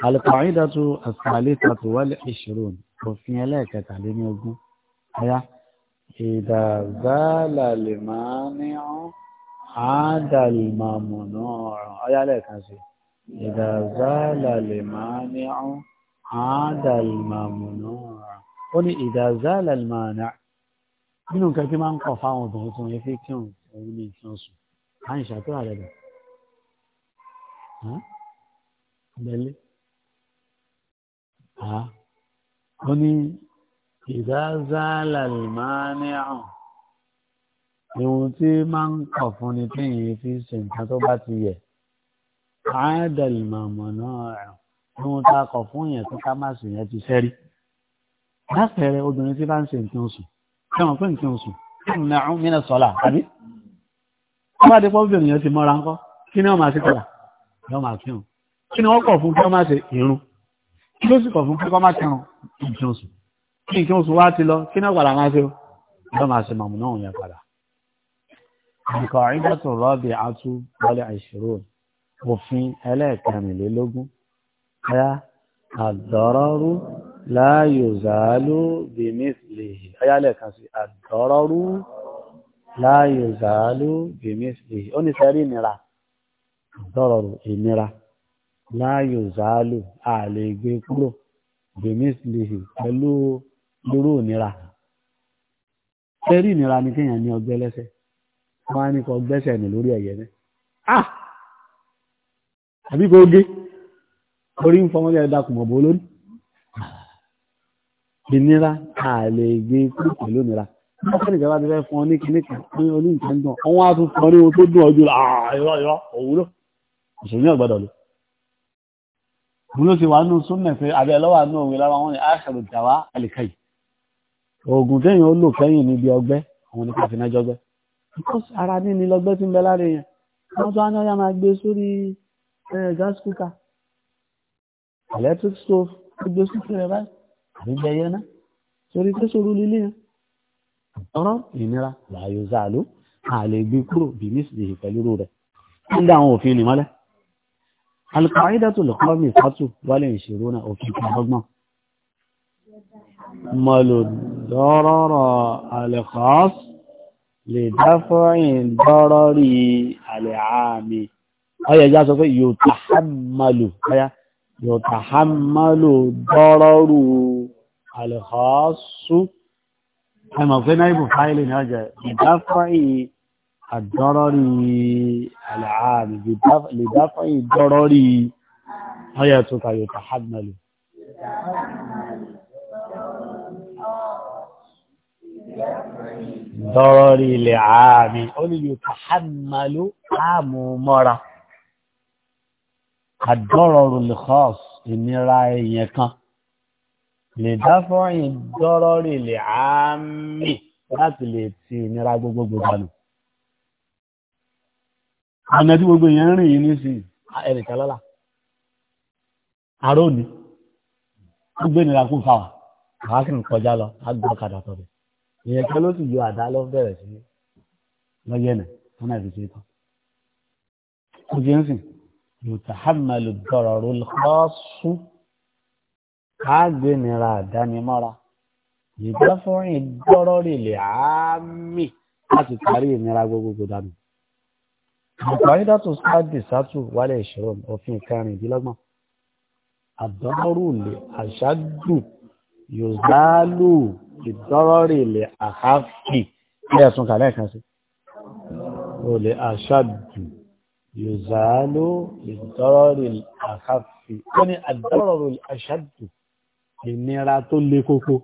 alqaidatu as-salisatu wal ishrun òfin ẹlẹ́ẹ̀kẹtàlélógún ọ̀yá ìdàzálà lè máa ní ọ́ àádàlùmọ̀mọ̀ ọ̀yá lẹ́ẹ̀kan sí i. إذا زال المانع عاد الممنوع ó ní إذا زال المانع nínú nǹkan tí máa ń kọ̀ fáwọn obìnrin tó ń yẹ fi kí òun òun ní nǹkan oṣù à ń ṣàtúrà rẹ̀ bẹ̀. Bẹ́lí. Ó ní إذا زال المانع ìwọ̀n tí máa ń kọ̀ fún ni tí èyí fi ṣe nǹkan tó bá ti yẹ̀ àádọ́lì mọ̀mọ́ náà ohun tá a kọ̀ fún yẹn tó ká má sùn yẹn ti sẹ́rí. lápẹẹrẹ obìnrin tí bá ń ṣe nǹkan oṣù sẹ́wọ̀n pé nǹkan oṣù ìmùnà ọ̀hún mí náà sọ́là àbí. wọ́n bá dé pọ́ obìnrin yẹn ti mọ́ra ńkọ́ kí ni wọ́n máa ṣe kọ́là yọ máa kírun kí ni wọ́n kọ̀ fún kí wọ́n má ṣe irun kí ló sì kọ̀ fún kí wọ́n má kírun nǹkan oṣù kí nǹkan oṣù wá ti lọ kí ni wọ́n padà máa ṣe òfin ẹlẹ́ẹ̀kẹrìnlélógún ọ̀yá àdọ́rọ́rú láàyò zàálù bìmísìlèhì ọ̀yá lẹ́ẹ̀kan sí àdọ́rọ́rú láàyò zàálù bìmísìlèhì ó ní sẹ́rí ìnira àdọ́rọ̀rù ìnira láàyò zàálù àlè gbé kúrò bìmísìlèhì pẹ̀lú lóró ìnira sẹ́rí ìnira ni kéèyàn ní ọgbẹ́ lẹ́sẹ̀ wọ́n á ní kọ gbẹ́sẹ̀ nì lórí ẹ̀yẹ́ náà àbí kò gé orí ń fọmọ́ jẹ́ dákùn ọ̀bọ̀ olórí ìnira ààlè gbé kúrò pẹ̀lú ìnira lọ́sẹ̀lẹ̀ ìjọba ti fẹ́ fún ọ ní kíní kan ní olóǹkan dùn ọwọ́n á tún fún ọ ní ohun tó dùn ọjọ́ àìrọ̀ ìrọ̀ òwúrò ìṣòyìn ọ̀gbọ́dọ̀ lọ ah, mo sì wà nínú súnmẹ̀ pé abẹ́ lọ́wà ní òwe lára wọn ni aṣàrò ìjàwá àlìkàyì oògùn téèyàn ó lò kẹ́yìn níbi ọgbẹ́ àwọn ní káfíńájọ́gbẹ́ because ara ní ni lọ́gbẹ́ tí ń bẹ lára èèyàn wọ́n tó á ní ọyá máa gbé sórí gas cooker electric stove gbogbo sókè rẹ báyìí àbí gbẹyẹ náà torí pé sòrò lílé yẹn ọ̀rọ̀ ìnira làyò zàlú àlè gbé kúrò bí nísìnyí pẹ̀lú rẹ̀ ń dá àwọn òfin nì mọ́lẹ̀ alqaidatu lọ́kọ́mì sátù wálé ìṣòro náà òfin kan ọgbọ́n mọ̀lòdọ́rọ̀rọ̀ alẹ́kọ́s lè dáfọ́ ìdọ́rọ̀rí alẹ́ àmì هيا يا سوف يتحمل هيا يتحمل ضرر الخاص هيا مغفين ايبو فايل هجا لدفع الضرر العام لدفع الضرر هيا سوف يتحمل ضرر العام قل يتحمل عام مره àdọ́rọ̀rù lìkọ́s ìnira èèyàn kan lè dáfọ́yìn dọ́rọ̀rì lè àmì láti lè ti ìnira gbogbogbò dànù. ọ̀nà tí gbogbo èèyàn rìn yìí nísìnyí ẹnìkan lọ́la àrónì wọ́n gbé ìnira kún fáwà àwọn sì ń kọjá lọ àgbọ̀ kàdà tọ̀bẹ̀ èèyàn kan ló sì yọ àdá lọ bẹ̀rẹ̀ sí lọ́yẹ̀nà wọn náà fi ṣe tán. ó ṣe ń sìn yòtàhámàlù dọ̀rọ̀rọ̀ lọ́sù àgbẹ̀nira àdánimọ́ra ìdáfọ́rin dọ́rọ̀rì lè àmì láti parí ìnira gbogbogbò dànù. àpárídàtò sáàdì sátù wálé ìṣòro òfin kẹrìndínlọ́gbọ̀n àdánrù lè àṣáájú yòzálù ìdọ́rọ̀rì lè àháfì ní ẹ̀sùn kàlẹ́ kan sí. olè àṣáájú yòzàálò ìdọ́rọ̀rì àkàfì ó ní àdọ́rọ̀rì àṣàdù ìnira tó le kókó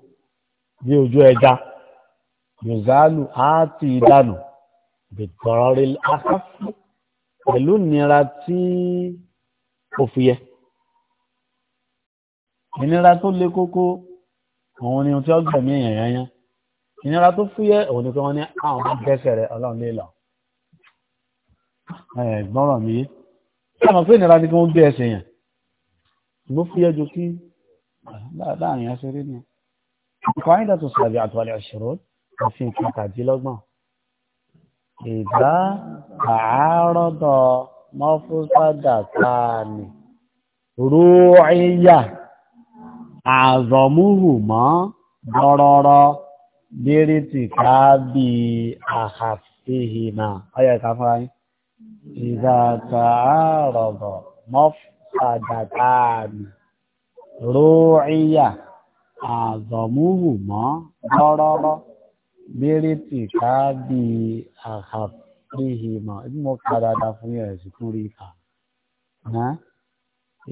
bí ojú ẹja yòzàálò àti ìdánù ìdọ́rọ̀rì àkàfì pẹ̀lú ìnira tí ó fi yẹ ìnira tó le kókó òun ni ohun tí ó gbẹ̀mí èèyàn yányán ìnira tó fúyẹ́ òun ni pé wọ́n ní àwọn bẹ́sẹ̀ rẹ̀ ọlọ́run lè lọ gbọ́ràn mi yé sáàmù pé ìnira ni kí wọ́n gbé ẹsẹ̀ yẹn ṣùgbọ́n fúyẹ́ ju kí láàrin ẹsẹ̀ rí ni nǹkan ayé dàtò sàbí àtúwálẹ̀ ọ̀ṣẹ̀rọ̀ òfin kẹtàdínlọ́gbọ̀n ìgbà àárọ̀dọ̀ mọ́fúsádà káàní rúọ̀ìyà àzọ̀múhùmọ́ dọ́rọ́rọ́ bírítì káàbì àhàfihìmà ọyọ̀ ìka fúnra ìdàtà àrọ̀bọ̀ mọ́fàdàtààmì róòyà àzọ̀múhùmọ́ lọ́rọ́rọ́ bírítì káàbì àhàfíhìmọ̀ ibi mo kà dáadáa fún yẹn sí kúrú ìkà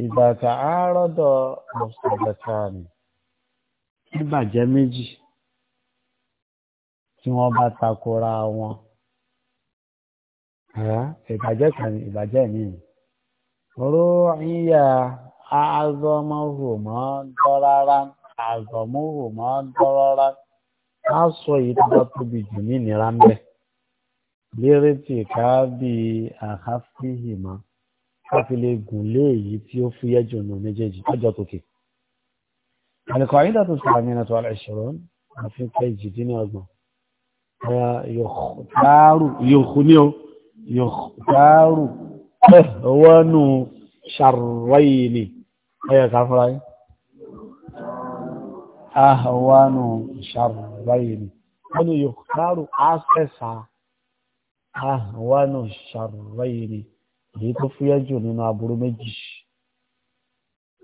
ìdàtà àrọ̀dọ̀ mọ́fàdàtààmì nígbàjẹ́ méjì tí wọ́n bá takora wọn ìbàjẹ́ kan ìbàjẹ́ mi ró yíyá azọmọhùmọ́ dọ́rọ́rá azọmọhùmọ́ dọ́rọ́rá á sọ èyí tó bá tóbi jù ní ìnira ń bẹ̀ lérè tí ká bí àháfíhìmọ́ ká fi lè gùn lé èyí tí ó fúyẹ́ jù nù méjèèjì ọjọ́ tòkè. القاعدة الثامنة والعشرون في كي جدين أجمع يخ... يخنيو yọ̀kùtàrù ẹ̀wọ́nù ṣàrọ̀yìnì ọyọ̀ káfúra yìí ahọ̀wọ́nù ṣàrọ̀yìnì wọ́n ni yọ̀kùtàrù áṣẹ́sà ahọ̀wọ́nù ṣàrọ̀yìnì èyí tó fúyẹ́ jù nínú aburú méjì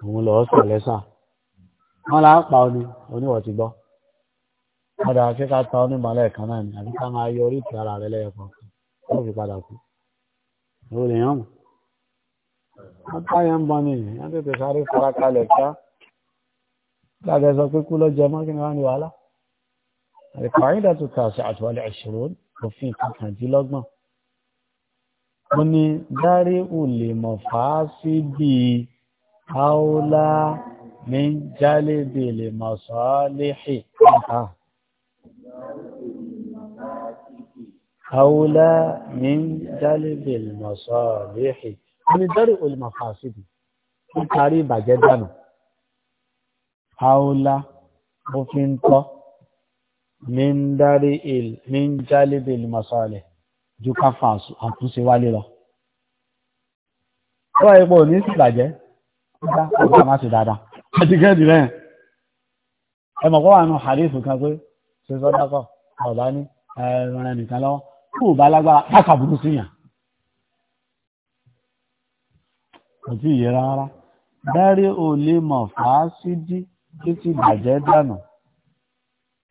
òun lọ sọ lẹ́sà wọ́n là ń pa ọ ni oníwọ̀ ti gbọ́ ọ̀dà àti ká ó fi padà kú ó lè yàn mọ́ apáyà ń bọ́ nìyí wọ́n tètè sáré fara kalẹ̀ ká láti sọ pé kú lọ́jọ́ mọ́ kí ni wọ́n ní wàhálà àlìkàáyídà tó ta àṣà àtúwálẹ̀ àṣìrò òfin kọkàndínlọ́gbọ̀n ó ní dárí ò lè mọ̀ fàá sí bíi haúlá ní jálébèlè mọ̀sọ́lẹ́hì ọ̀hán أولى من جلب المصالح من درء المفاسد nítorí ìbàjẹ́ dànù haúlá من درء ń tọ́ min dárí il min jálíbi ìlúmọ̀sọ́ọ̀lẹ̀ ju ká fa àtúnṣe wálé lọ. tó ipò ní sí ìbàjẹ́ nígbà ọgbà má ti dáadáa àti kẹ́ẹ̀dì rẹ̀ ẹ mọ̀ kó wà nù hadith kan pé ṣe sọ́dákọ̀ ọ̀bá ní ẹ̀rọ ẹnìkan lọ́wọ́ kò bá lágbára káàkà burú sí yàn kò tí ì yẹ rárá dárí ò lè mọ̀ fàá sí dí kí ti bàjẹ́ dànù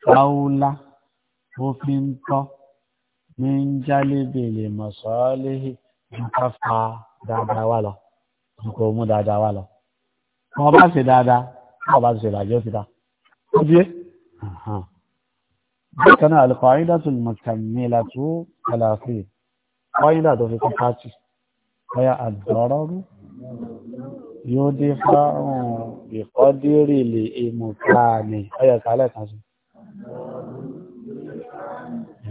fáwọlá ó fi ń tọ́ ní ń jálébèlè mọ̀sọ́ọ́léhì nípa fa dáadáa wá lọ nípa mú dáadáa wá lọ wọn bá ṣe dáadáa wọn bá ṣe ìbàjẹ́ ti ta ó bí bákan náà alùpàá ìdátùlùmọ̀kànmílà tó àlàáfíà kọ́ídà tó fi kọ́ pàtì ọya àdọ́rọ́rú yóò dé fáwọn ìkọ́dírì lè èmù káàní ọya kálẹ̀ kan sí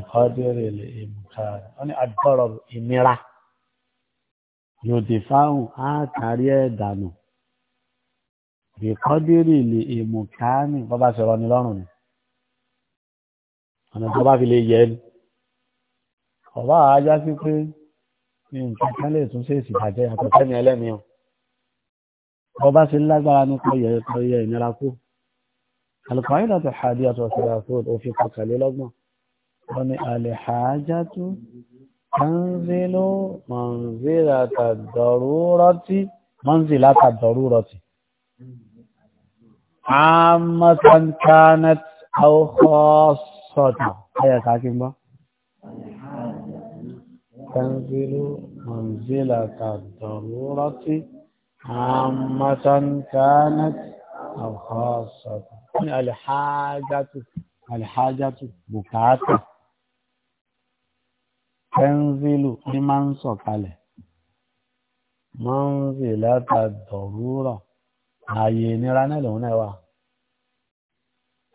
ìkọ́dírì lè èmù káàní wọ́n ni àdọ́rọ̀rú ìnira yóò dé fáwọn átàrí ẹ̀dànù ìkọ́dírì lè èmù káàní bọ́bá ṣe rọ ni lọ́rùn ni ọ̀nà tó bá fi lè yẹ ni ọba ajá sí pé nǹkan kan lè tún ṣe ìsìbàjẹ́ yàtọ̀ sẹ́mi ẹlẹ́mi o ọba ṣe lágbára ní kọ yẹ kọ yẹ ìnira kú alùpàáyé láti hàdí àtọ̀ síra kó òfin kọkànlélọ́gbọ̀n wọn ni àlèhàájá tún tanzilu manzilata darurati manzilata darurati amatan kanat aw khassatan aya ka kin تنزل منزلة الضرورة عامة كانت أو خاصة الحاجة الحاجة بكاتة تنزل لمن صقله منزلة الضرورة عيني رانا لهنا وا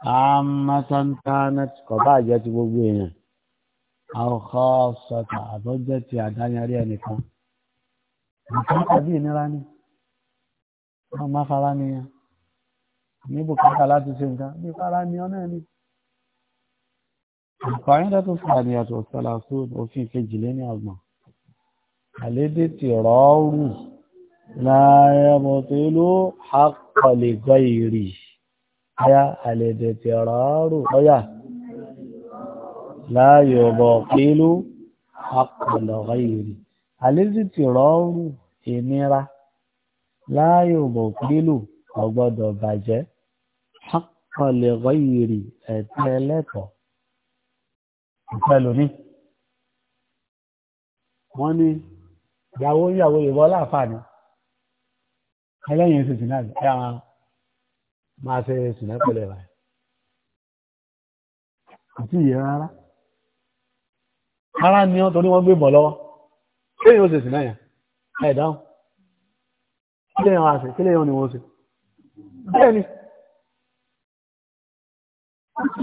عامة كانت قضاء جات بوبينا àwòkọ́ sọ̀tà àbọ̀jẹ́ ti àdáyanrí ẹnìkan nǹkan tàbí ìnira ni wọ́n máa fara nìyẹn ní bùkátà láti ṣe nǹkan bí fara ni ọ́nà ni. àkọ́yìndà tó fà ní àtọ̀ sọ̀là fún òfin kejìléní ọgbọ̀n àlédè ti rọ́ọ̀rù láàárẹ̀ mọ̀tẹ́lú àkọlẹ̀gọ́ ìrì ọ̀yà àlédè ti rọ́ọ̀rù ọ̀yà láàyò ọ̀bọ̀ pẹ̀lú àpọ̀lọ̀rọ̀ ìrì àlejò ti rọrùn ìnira láàyò ọ̀bọ̀ pẹ̀lú ọgbọ́dọ̀ bàjẹ́ àpọ̀lọ̀rọ̀ ìrì ẹ̀tẹ́ ẹlẹ́tọ̀ ìpẹ́lú ní. wọ́n ní ìyàwó ìyàwó ìbọn láǹfààní ẹlẹ́yìn ṣèṣìn náà ẹ̀ máa ṣe ṣìnà pẹ̀lẹ́ báyìí. àti ìyẹn rárá ara ni wọ́n tó ní wọ́n gbé bọ̀ lọ́wọ́ kí lèyàn ó ṣe sí náà ẹ̀ dáhùn kí lèyàn wá sí kí lèyàn ni wọ́n ṣe bẹ́ẹ̀ ni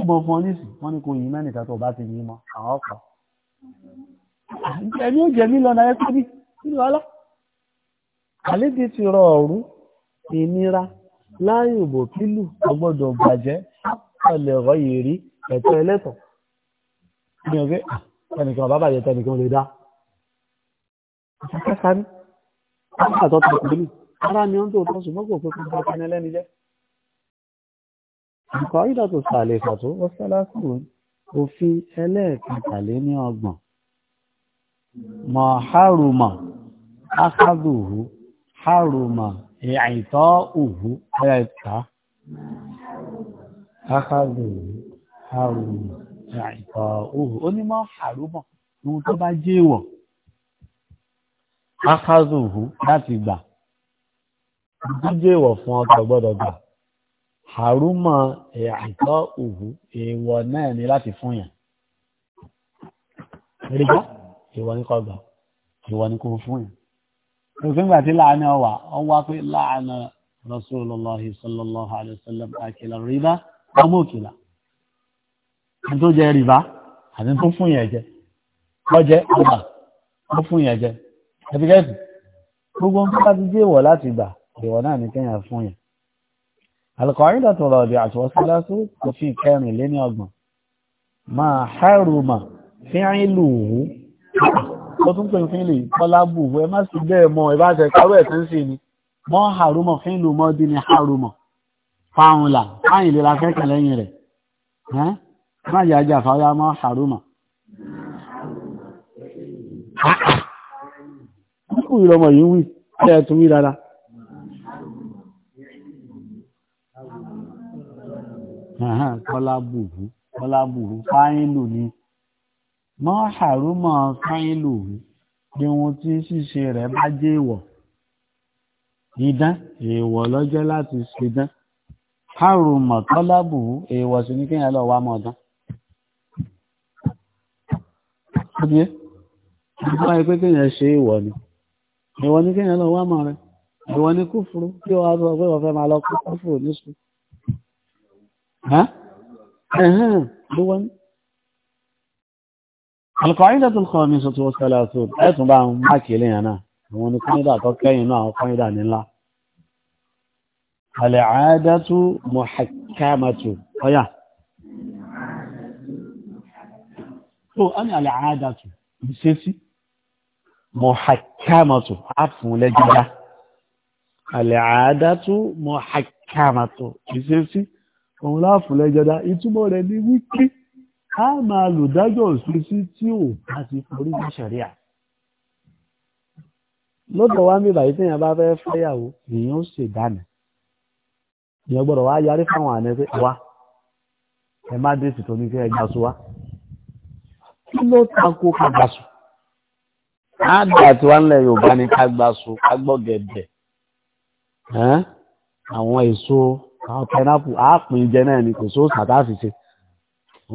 ìbọn fún ọ nísì wọ́n ní kò yìí mẹ́rin ìtàtọ̀ ọba ti yìí mọ́ àwọn ọkọ̀ ẹni ó jẹ mílíọ̀nù ayẹ́kọ́ bí ẹnìkan ọba bàjẹ́ tẹnìkan lè dá àṣàkẹ́sà ní àṣàtọ́ tó kù ní ara ni ó ń tó tọ́ ṣùgbọ́n kò pé kó bá tẹni lẹ́ni jẹ́ nǹkan ìdá tó sàlẹ̀ pàtó ó sálásù òfin ẹlẹ́ẹ̀kẹtàlẹ́ ní ọgbọ̀n mọ̀hárùmọ̀ ákádùhù hárùmọ̀ ìyàìtọ́ òhù ẹ̀ẹ́ta ákádùhù hárùmọ̀ àìkọ́ òhù ó ní mọ́ àrúbọ̀ ohun tó bá jẹ́ ìwọ̀ akázòhù láti gbà tó jẹ́ ìwọ̀ fún ọkọ̀ gbọ́dọ̀ gbà àrúmọ̀ àìkọ́ òhù èèwọ̀ náà ni láti fún yàn rígbá ìwọ̀ ní kọ́ gbà ìwọ̀ ní kò fún yàn òfíngbà tí láàánú ọwà ọwá pé láàánú Rasulullahi sallallahu ẹni tó jẹ rìbá àti tó fún yẹn jẹ ọjẹ ọgbà tó fún yẹn jẹ ẹtikẹ́tì gbogbo nǹkan bá ti dé ìwọ̀ láti gbà ìwọ̀ náà ní kẹ́yìn fún yẹn. alukọ̀rin dàtọ̀ ọ̀rọ̀ ọ̀dẹ̀ àtúwọ́sílású òfin kẹrin lé ní ọgbọ̀n máa hárùmà fíìrín lùwú ó tún pè fún ilé kọ́lá bùwú ẹ má sì bẹ́ẹ̀ mọ ìbáṣẹ káró ẹ̀ tún sí ni mọ́ hárùmọ̀ fíìrín lùmọ́ dín ní hárùmọ̀ fáwọn là fáyìn lè la fẹ́ kàn lẹ́yìn rẹ̀ má yà jà fáyà mọ́ haruma kú ìrọmọ yìí wí ẹ̀ tún wí rárá kọ́lá bùrú kọ́lá bùrú fáyínlù ni mọ́ haruma fáyínlù bí wọ́n tí ṣíṣe rẹ̀ bá jẹ́ ìwọ̀ ìdán èèwọ̀ lọ́jọ́ láti ṣe dán haruma kọ́lá bùrú èèwọ̀ sí ní kéèyàn lọ wá mọ̀ dán ọdún yẹn nípa ẹ pé kéèyàn ṣe ìwọ ni ìwọ ni kéèyàn lọ wá mọ rẹ ìwọ ni kúfùrú kí wàá sọ pé wọ́n fẹ́ máa lọ kúfùrú ní sùn. ẹ̀hẹ́n ló wọ́n ní. alqaida tó kọ́ mi sọ́tún ọ̀sẹ̀lẹ̀ àti òtún ẹ̀ tún bá ń má kéèlè yẹn náà àwọn ni kọ́ńdà tó kẹ́yìn náà àwọn kọ́ńdà ní ńlá. alẹ́ àádá tó mọ̀ tó ọ́nà àlẹ́ àádàtù ìṣesí mọ̀hàkámàtù àfúnlẹ́gbẹ́dá àlẹ́ àádàtù mọ̀hàkámàtù ìṣesí òun láfúnlẹ́gbẹ́dá ìtumọ̀ rẹ̀ ní wípé a máa lò dájọ́ ìṣesí tí ò bá ti forí ní ṣẹ̀ríà lọ́dọ̀ wá mi báyìí téèyàn bá fẹ́ fẹ́yàwó èèyàn ó ṣèdánù èèyàn gbọ́dọ̀ wá yarí fáwọn àná pé wá ẹ má dé sì ní kí ẹ gbà sọ kí ló tako kàgbàsù ádà tí wọ́n lẹ̀ yorùbá ní kàgbàsù agbọ́gẹ̀dẹ̀ àwọn èso àwọn pẹnápù àápùn ìjẹ náà ni kò sóò sàtà fìṣe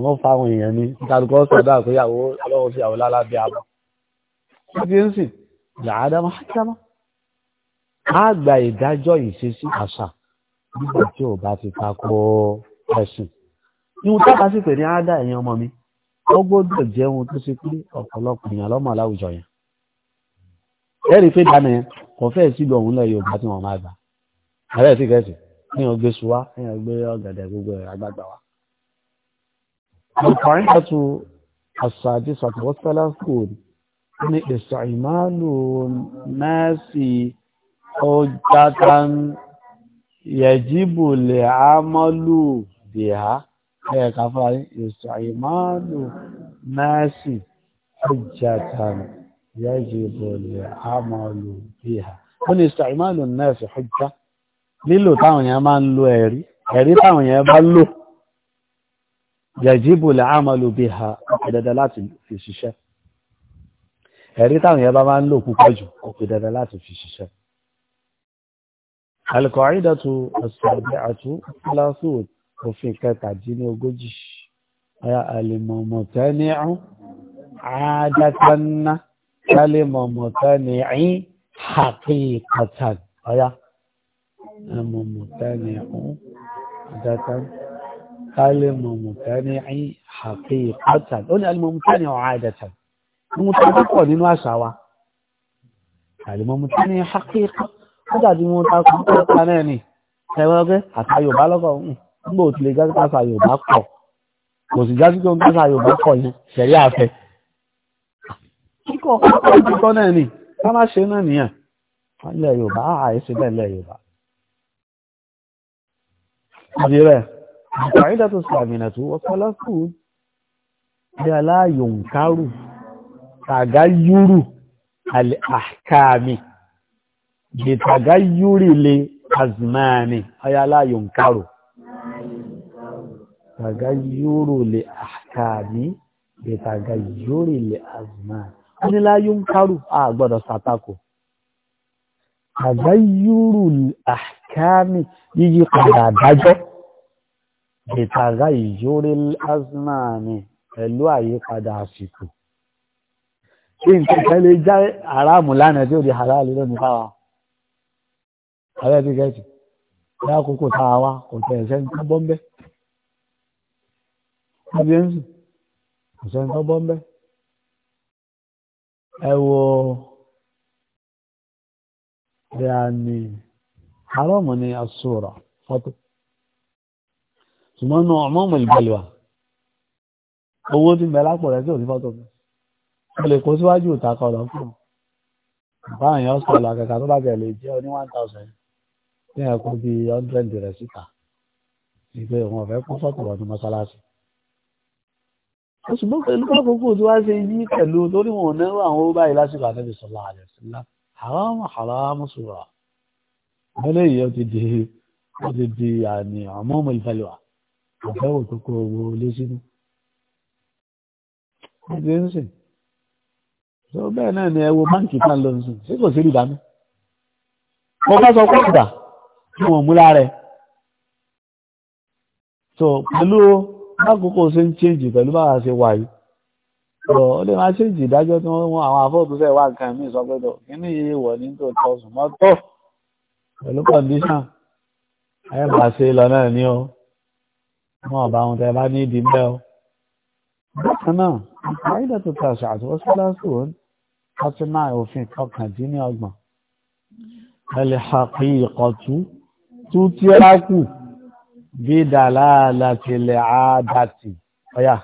wọ́n fa àwọn èèyàn ní ìtàdùkọ́ sọ̀dá àkóyàwó ọlọ́run sí àwọn lálábẹ́ abọ́ wọ́n ti ń sìn làádá máa jábọ́ á gba ìdájọ́ ìṣesí àṣà nígbà tí ò bá ti tako ẹ̀sìn ní wọ́n tábà sì pè ní ádá ẹ̀yìn ọmọ mi wọ́n gbọ́dọ̀ jẹ́ ohun tó ṣe pé ọ̀pọ̀lọpọ̀ èèyàn lọ́mọ aláwùjọ yẹn ẹ̀rí pé dáná yẹn kò fẹ́ sílùú ọ̀hún lẹ̀ Yorùbá tí wọ́n máa gbà ààrẹ sì kẹ́sì ní ọgbẹ́ suwa ní ọgbẹ́ ọ̀gẹ̀dẹ̀ gbogbo àgbàgbà wa. ọ̀pọ̀rin kẹ́tù àṣàjì sàtọ̀wọ́sálà school ní ìṣàìmálò mẹ́sì ọjàtàn yẹ̀jìbùlẹ̀ àmọ́lù dìhá ẹ̀ ká fún ayé yòòsàn ìmáàlù náàsì hujjatan yajibu al-amalu biha ó ní yòòsàn ìmáàlù náàsì hujja lílò táwọn yẹn máa ń lo ẹ̀rí ẹ̀rí táwọn yẹn bá lò yajibu al-amalu biha ọ̀pẹ̀dẹ̀dẹ̀ láti fi ṣiṣẹ́ ẹ̀rí táwọn yẹn bá máa ń lò púpọ̀ jù ọ̀pẹ̀dẹ̀dẹ̀ láti fi ṣiṣẹ́ القاعدة السابعة ثلاثون òfin kẹtàdínlógójì aya alimọ̀mọ̀tánìún àádátáná kálímọ̀mọ̀tánìún hàkíkọ̀tàn aya mọ̀mọ̀tánìún àádátáná kálímọ̀mọ̀tánìún hàkíkọ̀tàn ó ní alimọ̀mọ̀tánìún àádátán ní mo tọ́jú pọ̀ nínú àṣà wa alimọ̀mọ̀tánìún hàkíkọ̀ ó dàbí mo ta kọ́ ọ́ pa náà ni ẹ̀wọ́n àtàyò bá lọ́kọ̀ọ́ nígbà òtún lè jásí káṣà yorùbá pọ̀ kò sì jásí tó ń káṣà yorùbá pọ̀ yẹn ṣẹ̀rí àfẹ́. kíkọ́ kọ́kọ́ kíkọ́ náà ni ká má ṣe náà nìyẹn ilẹ̀ yorùbá àìsí bẹ́ẹ̀ ilẹ̀ yorùbá. àbí rẹ̀ àkàrídà tó sọ àmìnà tó wọ́pọ̀ lọ́kù bí aláyòǹkárù tàgáyúrù àkàmì bí ni, lè azmani ayáláyòǹkárù tàgáyóró lè àkàní lè tàgáyóró lè àzùmá ó ní láyé ń kárù á gbọ́dọ̀ sàtakò tàgáyóró lè àkàní yíyí padà dájọ́ lè tàgáyóró lè àzùmá ni pẹ̀lú àyípadà àsìkò kí n kẹ́kẹ́ lè já aráàmù lánàá tí ó di aráàlú lónìí fáwa ààrẹ ti gẹ̀ẹ́sì ní àkókò táwa kò tẹ̀ ẹ̀sẹ̀ ń kábọ́ ń àbí ń sùn kò sẹ́ni tó bọ́ ń bẹ́ ẹ wo yaani haramu ni asura fọ́tò ṣùgbọ́n náà ọmọ ìgbàlùwà owó tí ń bẹ lápò rẹ̀ tí ò ní fọ́tò mi ó lè kó síwájú ìtakọ̀ ọ̀rọ̀ fún un báyìí ó sọ̀rọ̀ àkàkà tó bá jẹ́ lè jẹ́ oní one thousand ní ẹ̀kọ́ bíi hundred rẹ̀ síta ìgbé òun ọ̀fẹ́ kún fọ́tò ọdún mọ́sálásí ṣùgbọ́n pẹ̀lú kákòókò tí wá ṣe yí pẹ̀lú lórí wọn náírà àwọn ó báyìí lásìkò àtẹ́bí sọ̀lá àlẹ́ sílá haramu haramu sọ̀rọ̀ ìbẹ́lẹ̀ yìí ó ti di ó ti di àmì àmọ́ ọmọ ìfẹ́lẹ̀wà àbẹ́wò tó kọ owó lé sínú. ó ti ń sìn tó bẹ́ẹ̀ náà ni ẹ wo kan ló ń sìn ṣé kò sí ìdáná. mo bá sọ kóòtà tí wọ́n mú lára ẹ̀ lákòókò ṣe ń chéǹjì pẹ̀lú báwa ṣe wà ọ̀rọ̀ ó lè máa chéǹjì ìdájọ́ tí wọ́n àwọn afọ́ọ̀tún fẹ́ wá nǹkan mí sọ pé tó kíní iye wọ̀ ní tó tọ́ sùn mọ́ pẹ̀lú kọ̀ǹdíṣàn ẹ bá ṣe lọ ní o wọn ọba àwọn tẹ bá ní ìdí mẹ́ o. bákan náà àìdá tó ta àṣà àti wọ́sílásì wọn thirty nine òfin kọkàndínlọ́gbọ̀n ẹ̀lẹ́hàpì ìkọ̀tú tú tí ó bá kù bídàláàlàtì lè àádàtì ọ̀yà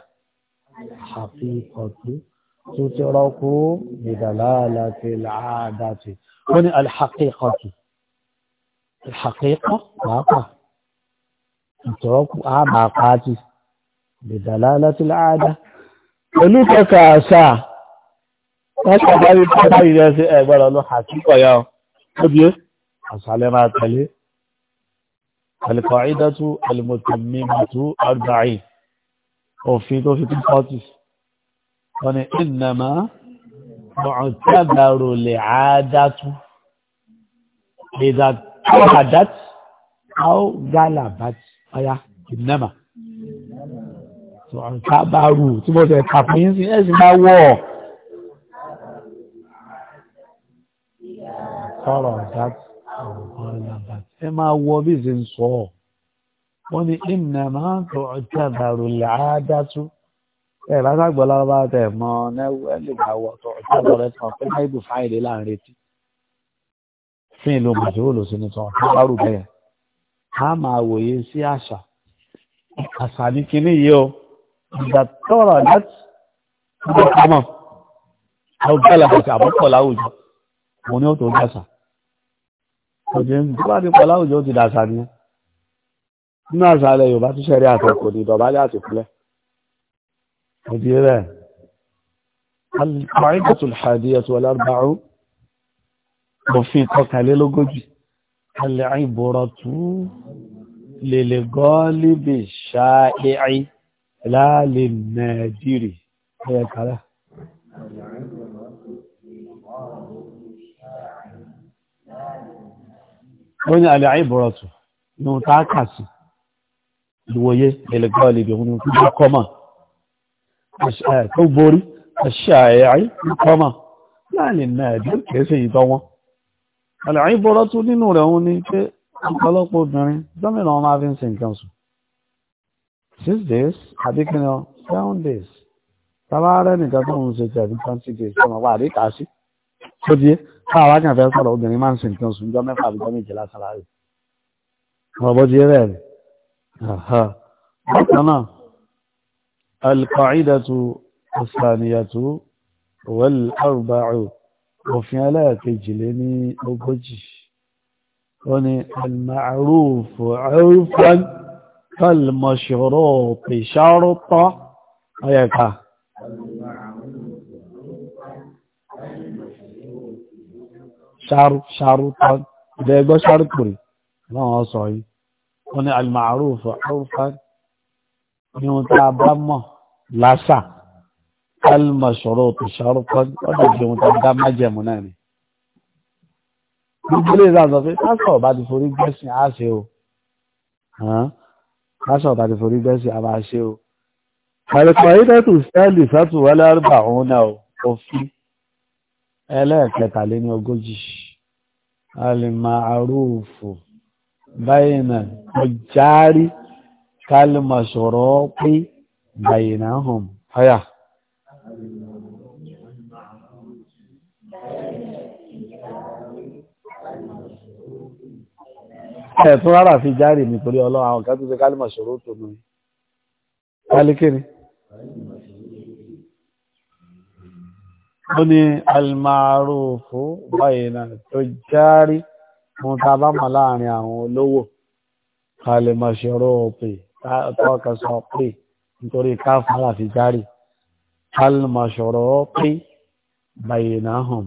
àfi ọ̀tú tó ti rọ́kú bídàláàlàtì lè àádàtì ó ní alhàkíkọ̀tù alhàkíkọ̀ pàápàá ìtọ́rọ́kú àmà pàátì bídàláàlàtì lè àádá pẹ̀lú kẹta àṣà wọ́n ṣàbárí pàtàkì القاعدة المتممة أربعين وفي في تنقاطس أنا إنما معتبر لعادة إذا توحدت أو غلبت أيا إنما تعتبر تبغى تعرفين إيش ما هو صار ذات ẹ máa wọ bí ṣe ń sọ ọ wọn ni ìnà máa ń tọ ọjà dàrú làádátú ẹ bá sàgbọ́lá bá tẹ̀ mọ́ ẹ lè máa wọ tọ ọjà dàrú ẹ tàn fún báyìí fáìlì láàrin etí fún ìlú màdúró sí ni tàn fún bárù bẹ́ẹ̀ a máa wòye sí àṣà àṣà ní kinní yìí o ìgbà tọrọ láti ọjọ́ kọmọ ọgbẹ́ làkàtà àbúkọ̀ láwùjọ òun ni ó tó gbàṣà òjìn tó bá ti pọ̀ láwùjọ ti dàṣà ní nínú àṣà alẹ́ Yorùbá tó ṣẹ̀rí àtọkò ní ìdọ̀bálẹ̀ àtìkúlẹ̀ òjì rẹ̀ al-qa'idatul hadiyatul arba'u òfin kọkànlélógójì al-ibratu lil wọ́n ní alẹ́ àìbọ̀rọ̀tù ní wọ́n táá kà sí ìwòye ẹlẹ́gbẹ́ olèdè òun ní kí ó kọ́mà tó borí aṣáàyàí kọ́mà láàrin náà ẹ̀dẹ́ kẹsẹ̀ ìtọ́wọ́n alẹ́ àìbọ̀rọ̀tù nínú rẹ̀ òun ni pé ọ̀pọ̀lọpọ̀ obìnrin gómìnà ọmọ afi ń sin nǹkan sùn six days àdékìnà tàbá rẹ̀ nìkan tó ń ṣe tẹ̀lé twenty days ọmọ wa àdékà sí tó di káà wá kàn fẹ́ sọ̀rọ̀ obìnrin máa ń sin nǹkan sùn jọ mẹ́fà àbíjọ méje lásán láàyè ọ̀bọ̀ ti rẹ̀ rẹ̀ bákan náà alqaidatu asaniyatu wal arba'u òfin ẹlẹ́ẹ̀kejì lé ní ogójì ó ní almarufu urfan kalmashruti sharta ọyẹ̀ka ṣáàrù ṣáàrù tán ìdẹ́gbọ́ ṣáàrù pèrè láwọn sọ yìí wọ́n ní al-ma'ruf urfan ní ohun tá a bá mọ̀ lásà al-mashruut ṣáàrù tán ó dàbí ohun tá a dá májẹ̀mú náà ni. gbogbo ilé ìlànà sọ pé pásọ̀ bá ti forí gbẹ́sìn á ṣe o pásọ̀ bá ti forí gbẹ́sìn á máa ṣe o. àlùkò ayédẹ́tù sẹ́ẹ̀lì sátúwálé àrùbà òun náà òfin. ẹlẹ́ẹ̀kẹtàléní ogójì alìmàrúfù báyìnà ọjárí kálìmọ̀sọ̀rọ̀ pé báyìnà hàn ọyà. ẹ̀tún rárá fi járì nítorí àwọn tó mú ó ní almarufu báyìí náà tó járí fún tàbá mọ̀ láàrin àwọn olówó kalimashiro pè tọ́ka sọ pé nítorí káfàlà fi járí kalimashiro pé báyìí náà hàn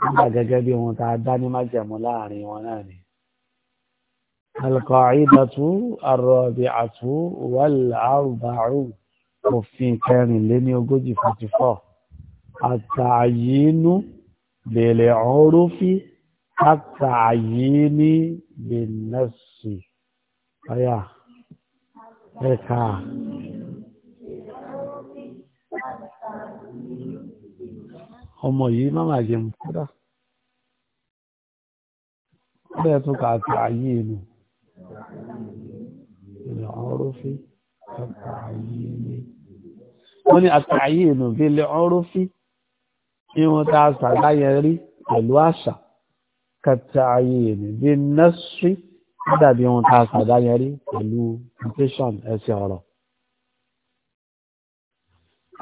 nígbà gẹ́gẹ́ bí wọn ta dá ní májẹ̀mú láàrin wọn náà ni alqaidatu arrabi'atu wal arba'u òfin kẹrìnléní ogójì àtàyínú bèlè ọrúfí àtàyíní bèlẹ́sì ọ̀yà ẹ̀ka. ọmọ yìí má má jẹun kódà bẹ́ẹ̀ tún kà àti àyè nù ìlà àtàyíní wọ́n ní àtàyíní bèlè ọrúfí ìwọ̀n tá a sàdá yẹn rí pẹ̀lú àṣà kẹta ayé èmi bí nẹ́sírì dàbí ìwọ̀n tá a sàdá yẹn rí pẹ̀lú mutation ẹsẹ̀ ọ̀rọ̀.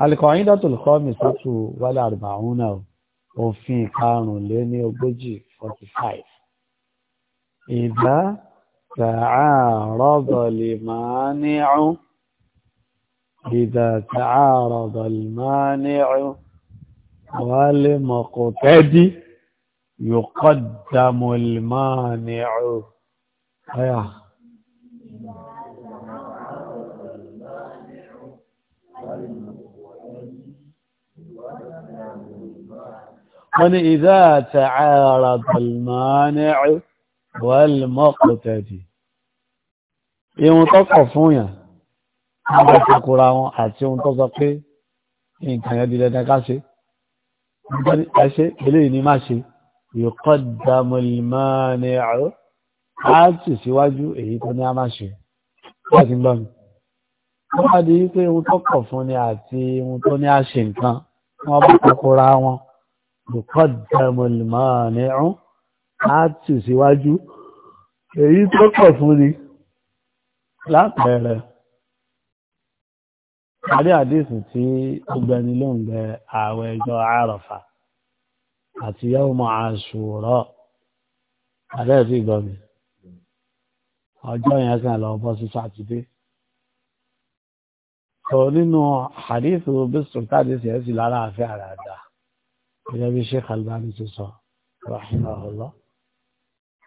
alikọ̀yìn dọ́tòlù kọ́ mi sátú wálé àrùbá òun náà òfin karùnléní ogójì forty five. ìdá تعارض المانع إذا تعارض المانع wale makotadi yuqaddamu almani'u haya من إذا تعارض المانع والمقتدي يوم إيه تقفون يا أنت تقولون أنت تقولون إن كان يدي لنا كاسي nítorí ẹṣẹ́ eléyìí ni má ṣe yuqaddamu al-mani'u á tì síwájú èyí tó ní a má ṣe láti gbọ́ mi. wọ́n bá di wípé ohun tó kọ̀ fún ni àti ohun tó ní a ṣe nǹkan wọ́n bá takora wọn yuqaddamu al-mani'u síwájú èyí tó kọ̀ fún ni látẹ̀rẹ̀ àrí àdéhùn tí ó gbẹni ló ń gbẹ ààwẹ̀ ẹjọ́ àràfà àti yawma àṣùrọ̀ àdéhùn ìgbọ̀mí ọjọ́ yẹn kan lọ bọ́ sí sátidé sọ nínú àdéhùn bísùn tàdéhùn yẹn sì lára àfẹ́ àràdà gẹ́gẹ́ bí Sheikh Albani ti sọ rahimahullah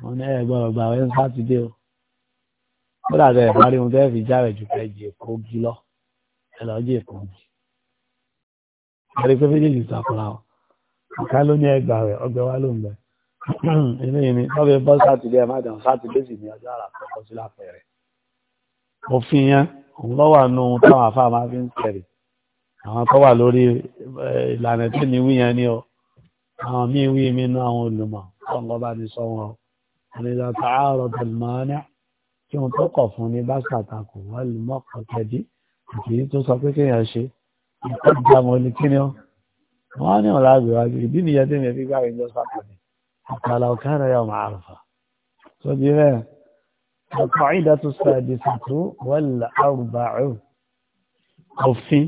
wọn ní ẹ gbọ́dọ̀ gbà sátidé o kódà bẹ́ẹ̀ parí ohun tẹ́ fi jáwèjú pẹ́ jẹ́ kó gí lọ ẹlọ́jì èkó jì ẹ̀rí pé méjèèjì sàkóra ọ ọ̀ká ló ní ẹgbà rẹ̀ ọgbẹ́ wa ló ń bẹ inú yìí ni lọ́bẹ̀ bọ́ sátidé ẹ̀ má dàn sátidé sì ní ọjọ́ àrà kọ́kọ́ sí lápẹ̀rẹ̀ òfin yẹn òun lọ́wọ́ àánú ohun táwọn afá máa fi ń tẹ̀lé àwọn tó wà lórí ìlànà tí mi wí yẹn ni ọ àwọn míì wí mi nú àwọn olùmọ̀ ọ̀ngọ́ bá ní sọ wọn ọ̀nìyàn tààrọ̀ tẹ̀lé máa ní kí wọn tó kọ̀ fún ní bá ṣàtàkùn wọ́n lè mọ́kàn tẹ̀dí kì í tún sọ pé kéèyàn ṣe ìkọ́ ìjàmọ̀ ní kíni ọ́ wọ́n á ní ọ̀la àgbèwájú ìdí nìyẹn tí mi fi gbá ìjọ sátọ̀dẹ̀ àkàlà ọ̀kẹ́rẹ́ yà máa rùfà tó di bẹ́ẹ̀ ọkọ̀ ìdá tó sàdé sàtó wọ́lá àrùbáàrù òfin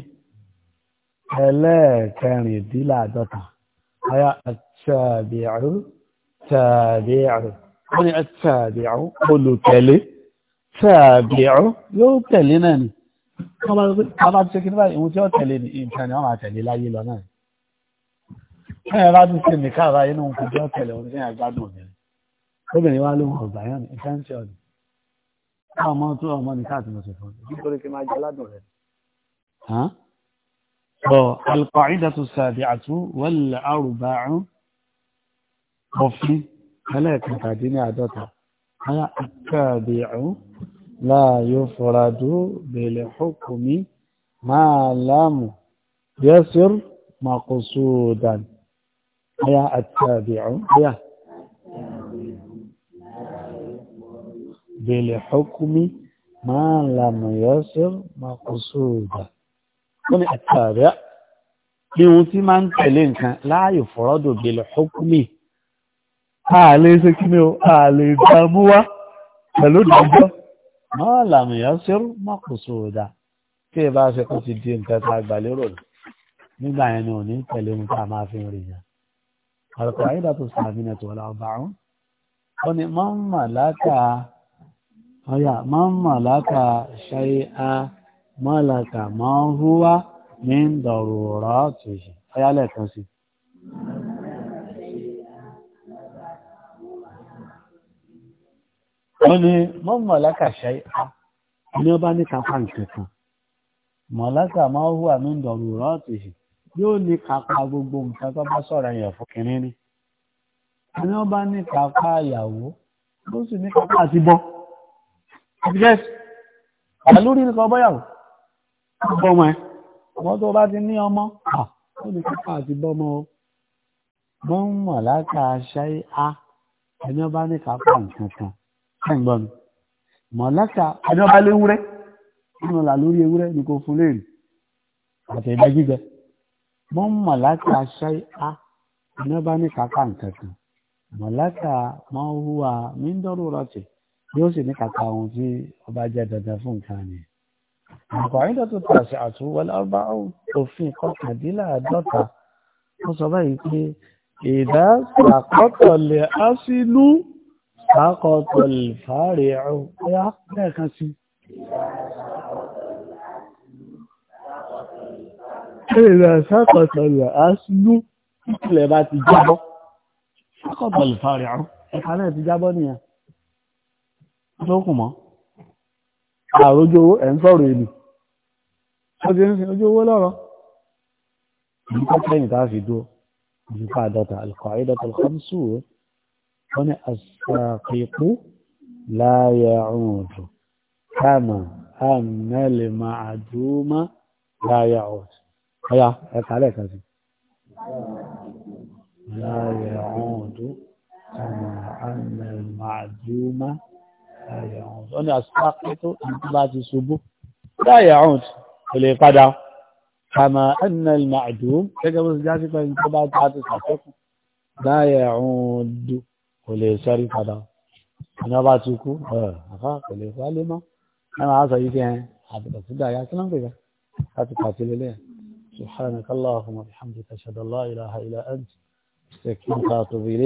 ẹlẹ́ẹ̀kẹrìndínláàdọ́ta ayá àtàbíàrù tàbíàrù wọ́n ní àtàbíàrù olùtẹ̀lé tàbíàrù yóò tẹ̀lé náà ni wọ́n bá gbé bàbá ti ṣe kí ní báyìí ohun tí ó tẹ̀lé ní nǹkan ni wọ́n máa tẹ̀lé láyé lọ náà ẹ̀yẹ bá ti ṣe nìkan àbáyé nínú nǹkan tí ó tẹ̀lé ohun tí ó obìnrin obìnrin wa ló ń ọgbà yẹn ní essential ni káwọn ọmọ tó ọmọ nìkan àti mọ̀sẹ̀ fún mi nítorí kí máa jẹ́ aládùn rẹ̀. ọ̀ alqaidatu sabi'atu wal arba'u òfin ẹlẹ́ẹ̀kẹtàdínláàdọ́ta لا يفرد بالحكم ما لم يسر مقصودا يا التابع يا بالحكم ما لم يسر مقصودا كن التابع لوتي من تلين كان لا يفرد بالحكم آلي سكيمو آلي داموا فلو دجو máa làmìyàn ṣerú mọ́kùsù ọ̀dà tí ẹ bá ṣe kó ti di nǹkan tá a gbà lérò nígbà yẹn ni ò ní tẹ̀lé ohun tá a máa fi rìn yẹn àlùkò àyíká tó sàmìnà tó wọlé ọba ọ̀hún ó ní máa ń mà láta ọ̀yà máa ń mà láta ṣe á máa làkà wọ́n ní mọ́mọ̀láka ah, ṣáyá ní ọba ní kápá nǹkan mọ̀láka máa hùwà ní ìdọ̀rù rọ́ọ̀tì yóò ní kápá gbogbo nǹkan tó bá sọ̀rọ̀ yẹn fún kínní ni ní ọba ní kápá ìyàwó ó sì ní kápá àti bọ́ àtìgẹ́sì àlórí ní kan bọ́yàwó bọ́mọ ẹ ọmọ tó bá ti ní ọmọ ó ní kápá àti bọ́mọ o mọ́mọ̀láka ah, ṣáyá ní ọba ní kápá nǹkan kan ẹ̀gbọ́n mọ̀láka àjọba léwúrẹ́ nínú là lórí ewúrẹ́ ní kò fún léèrè àti ẹ̀dá gíga mọ́ mọ̀láka ṣe á ìnáwó ní kàkà nǹkan kan mọ̀láka máa ń hùwà mí ń dọ́rọ̀ rọ̀tì yóò sì ní kàkà ohun tí ọba jẹ́ dandan fún nǹkan ni. àkọ́ àyíndọ́ tó tà sí àtúwọlé ọba òfin kọkàndínláàádọ́ta ó sọ báyìí pé ìdá sàkọ́tọ̀lẹ̀ á sí Akọ̀tọ̀ ìfàárì ẹ̀rọ, ọya lẹ́ẹ̀kan sí. Ẹ̀rẹ̀ sákọ̀tọ̀ ìrẹ̀ aṣínú ìpìlẹ̀ bá ti jábọ́. Akọ̀tọ̀ ìfàárì ẹ̀rọ, ẹ̀ka náà ti jábọ́ nìyẹn. Lókùn mọ́. Àrójó owó ẹ̀ ń sọ̀rọ̀ èlù. Ó ń sin ojú owó lọ́rọ̀ wọ́n ní àṣàkíkú láyà ọ̀dù kàmà àmẹ́lẹ̀ máa dúmọ́ láyà ọ̀dù ọ̀yá ẹ̀ka lẹ́ẹ̀ka sí láyà ọ̀dù kàmà àmẹ́lẹ̀ máa dúmọ́ láyà ọ̀dù wọ́n ní àṣàkíkú ìdí bá ti ṣubú láyà ọ̀dù kò lè padà kàmà àmẹ́lẹ̀ máa gẹ́gẹ́ bó ti já sí tó bá ti ṣàfẹ́kù láyà ọ̀dù kò lè sẹ́rí padà ẹni ọba ti kú àfa kò lè wálé mọ́ ẹ máa yìí fi hàn àbùkù sí dàyà kí ló ń pè láti pàtí lélẹ̀ subhanakallahumma wa bihamdika ashhadu an la ilaha illa anta astaghfiruka wa atubu ilayk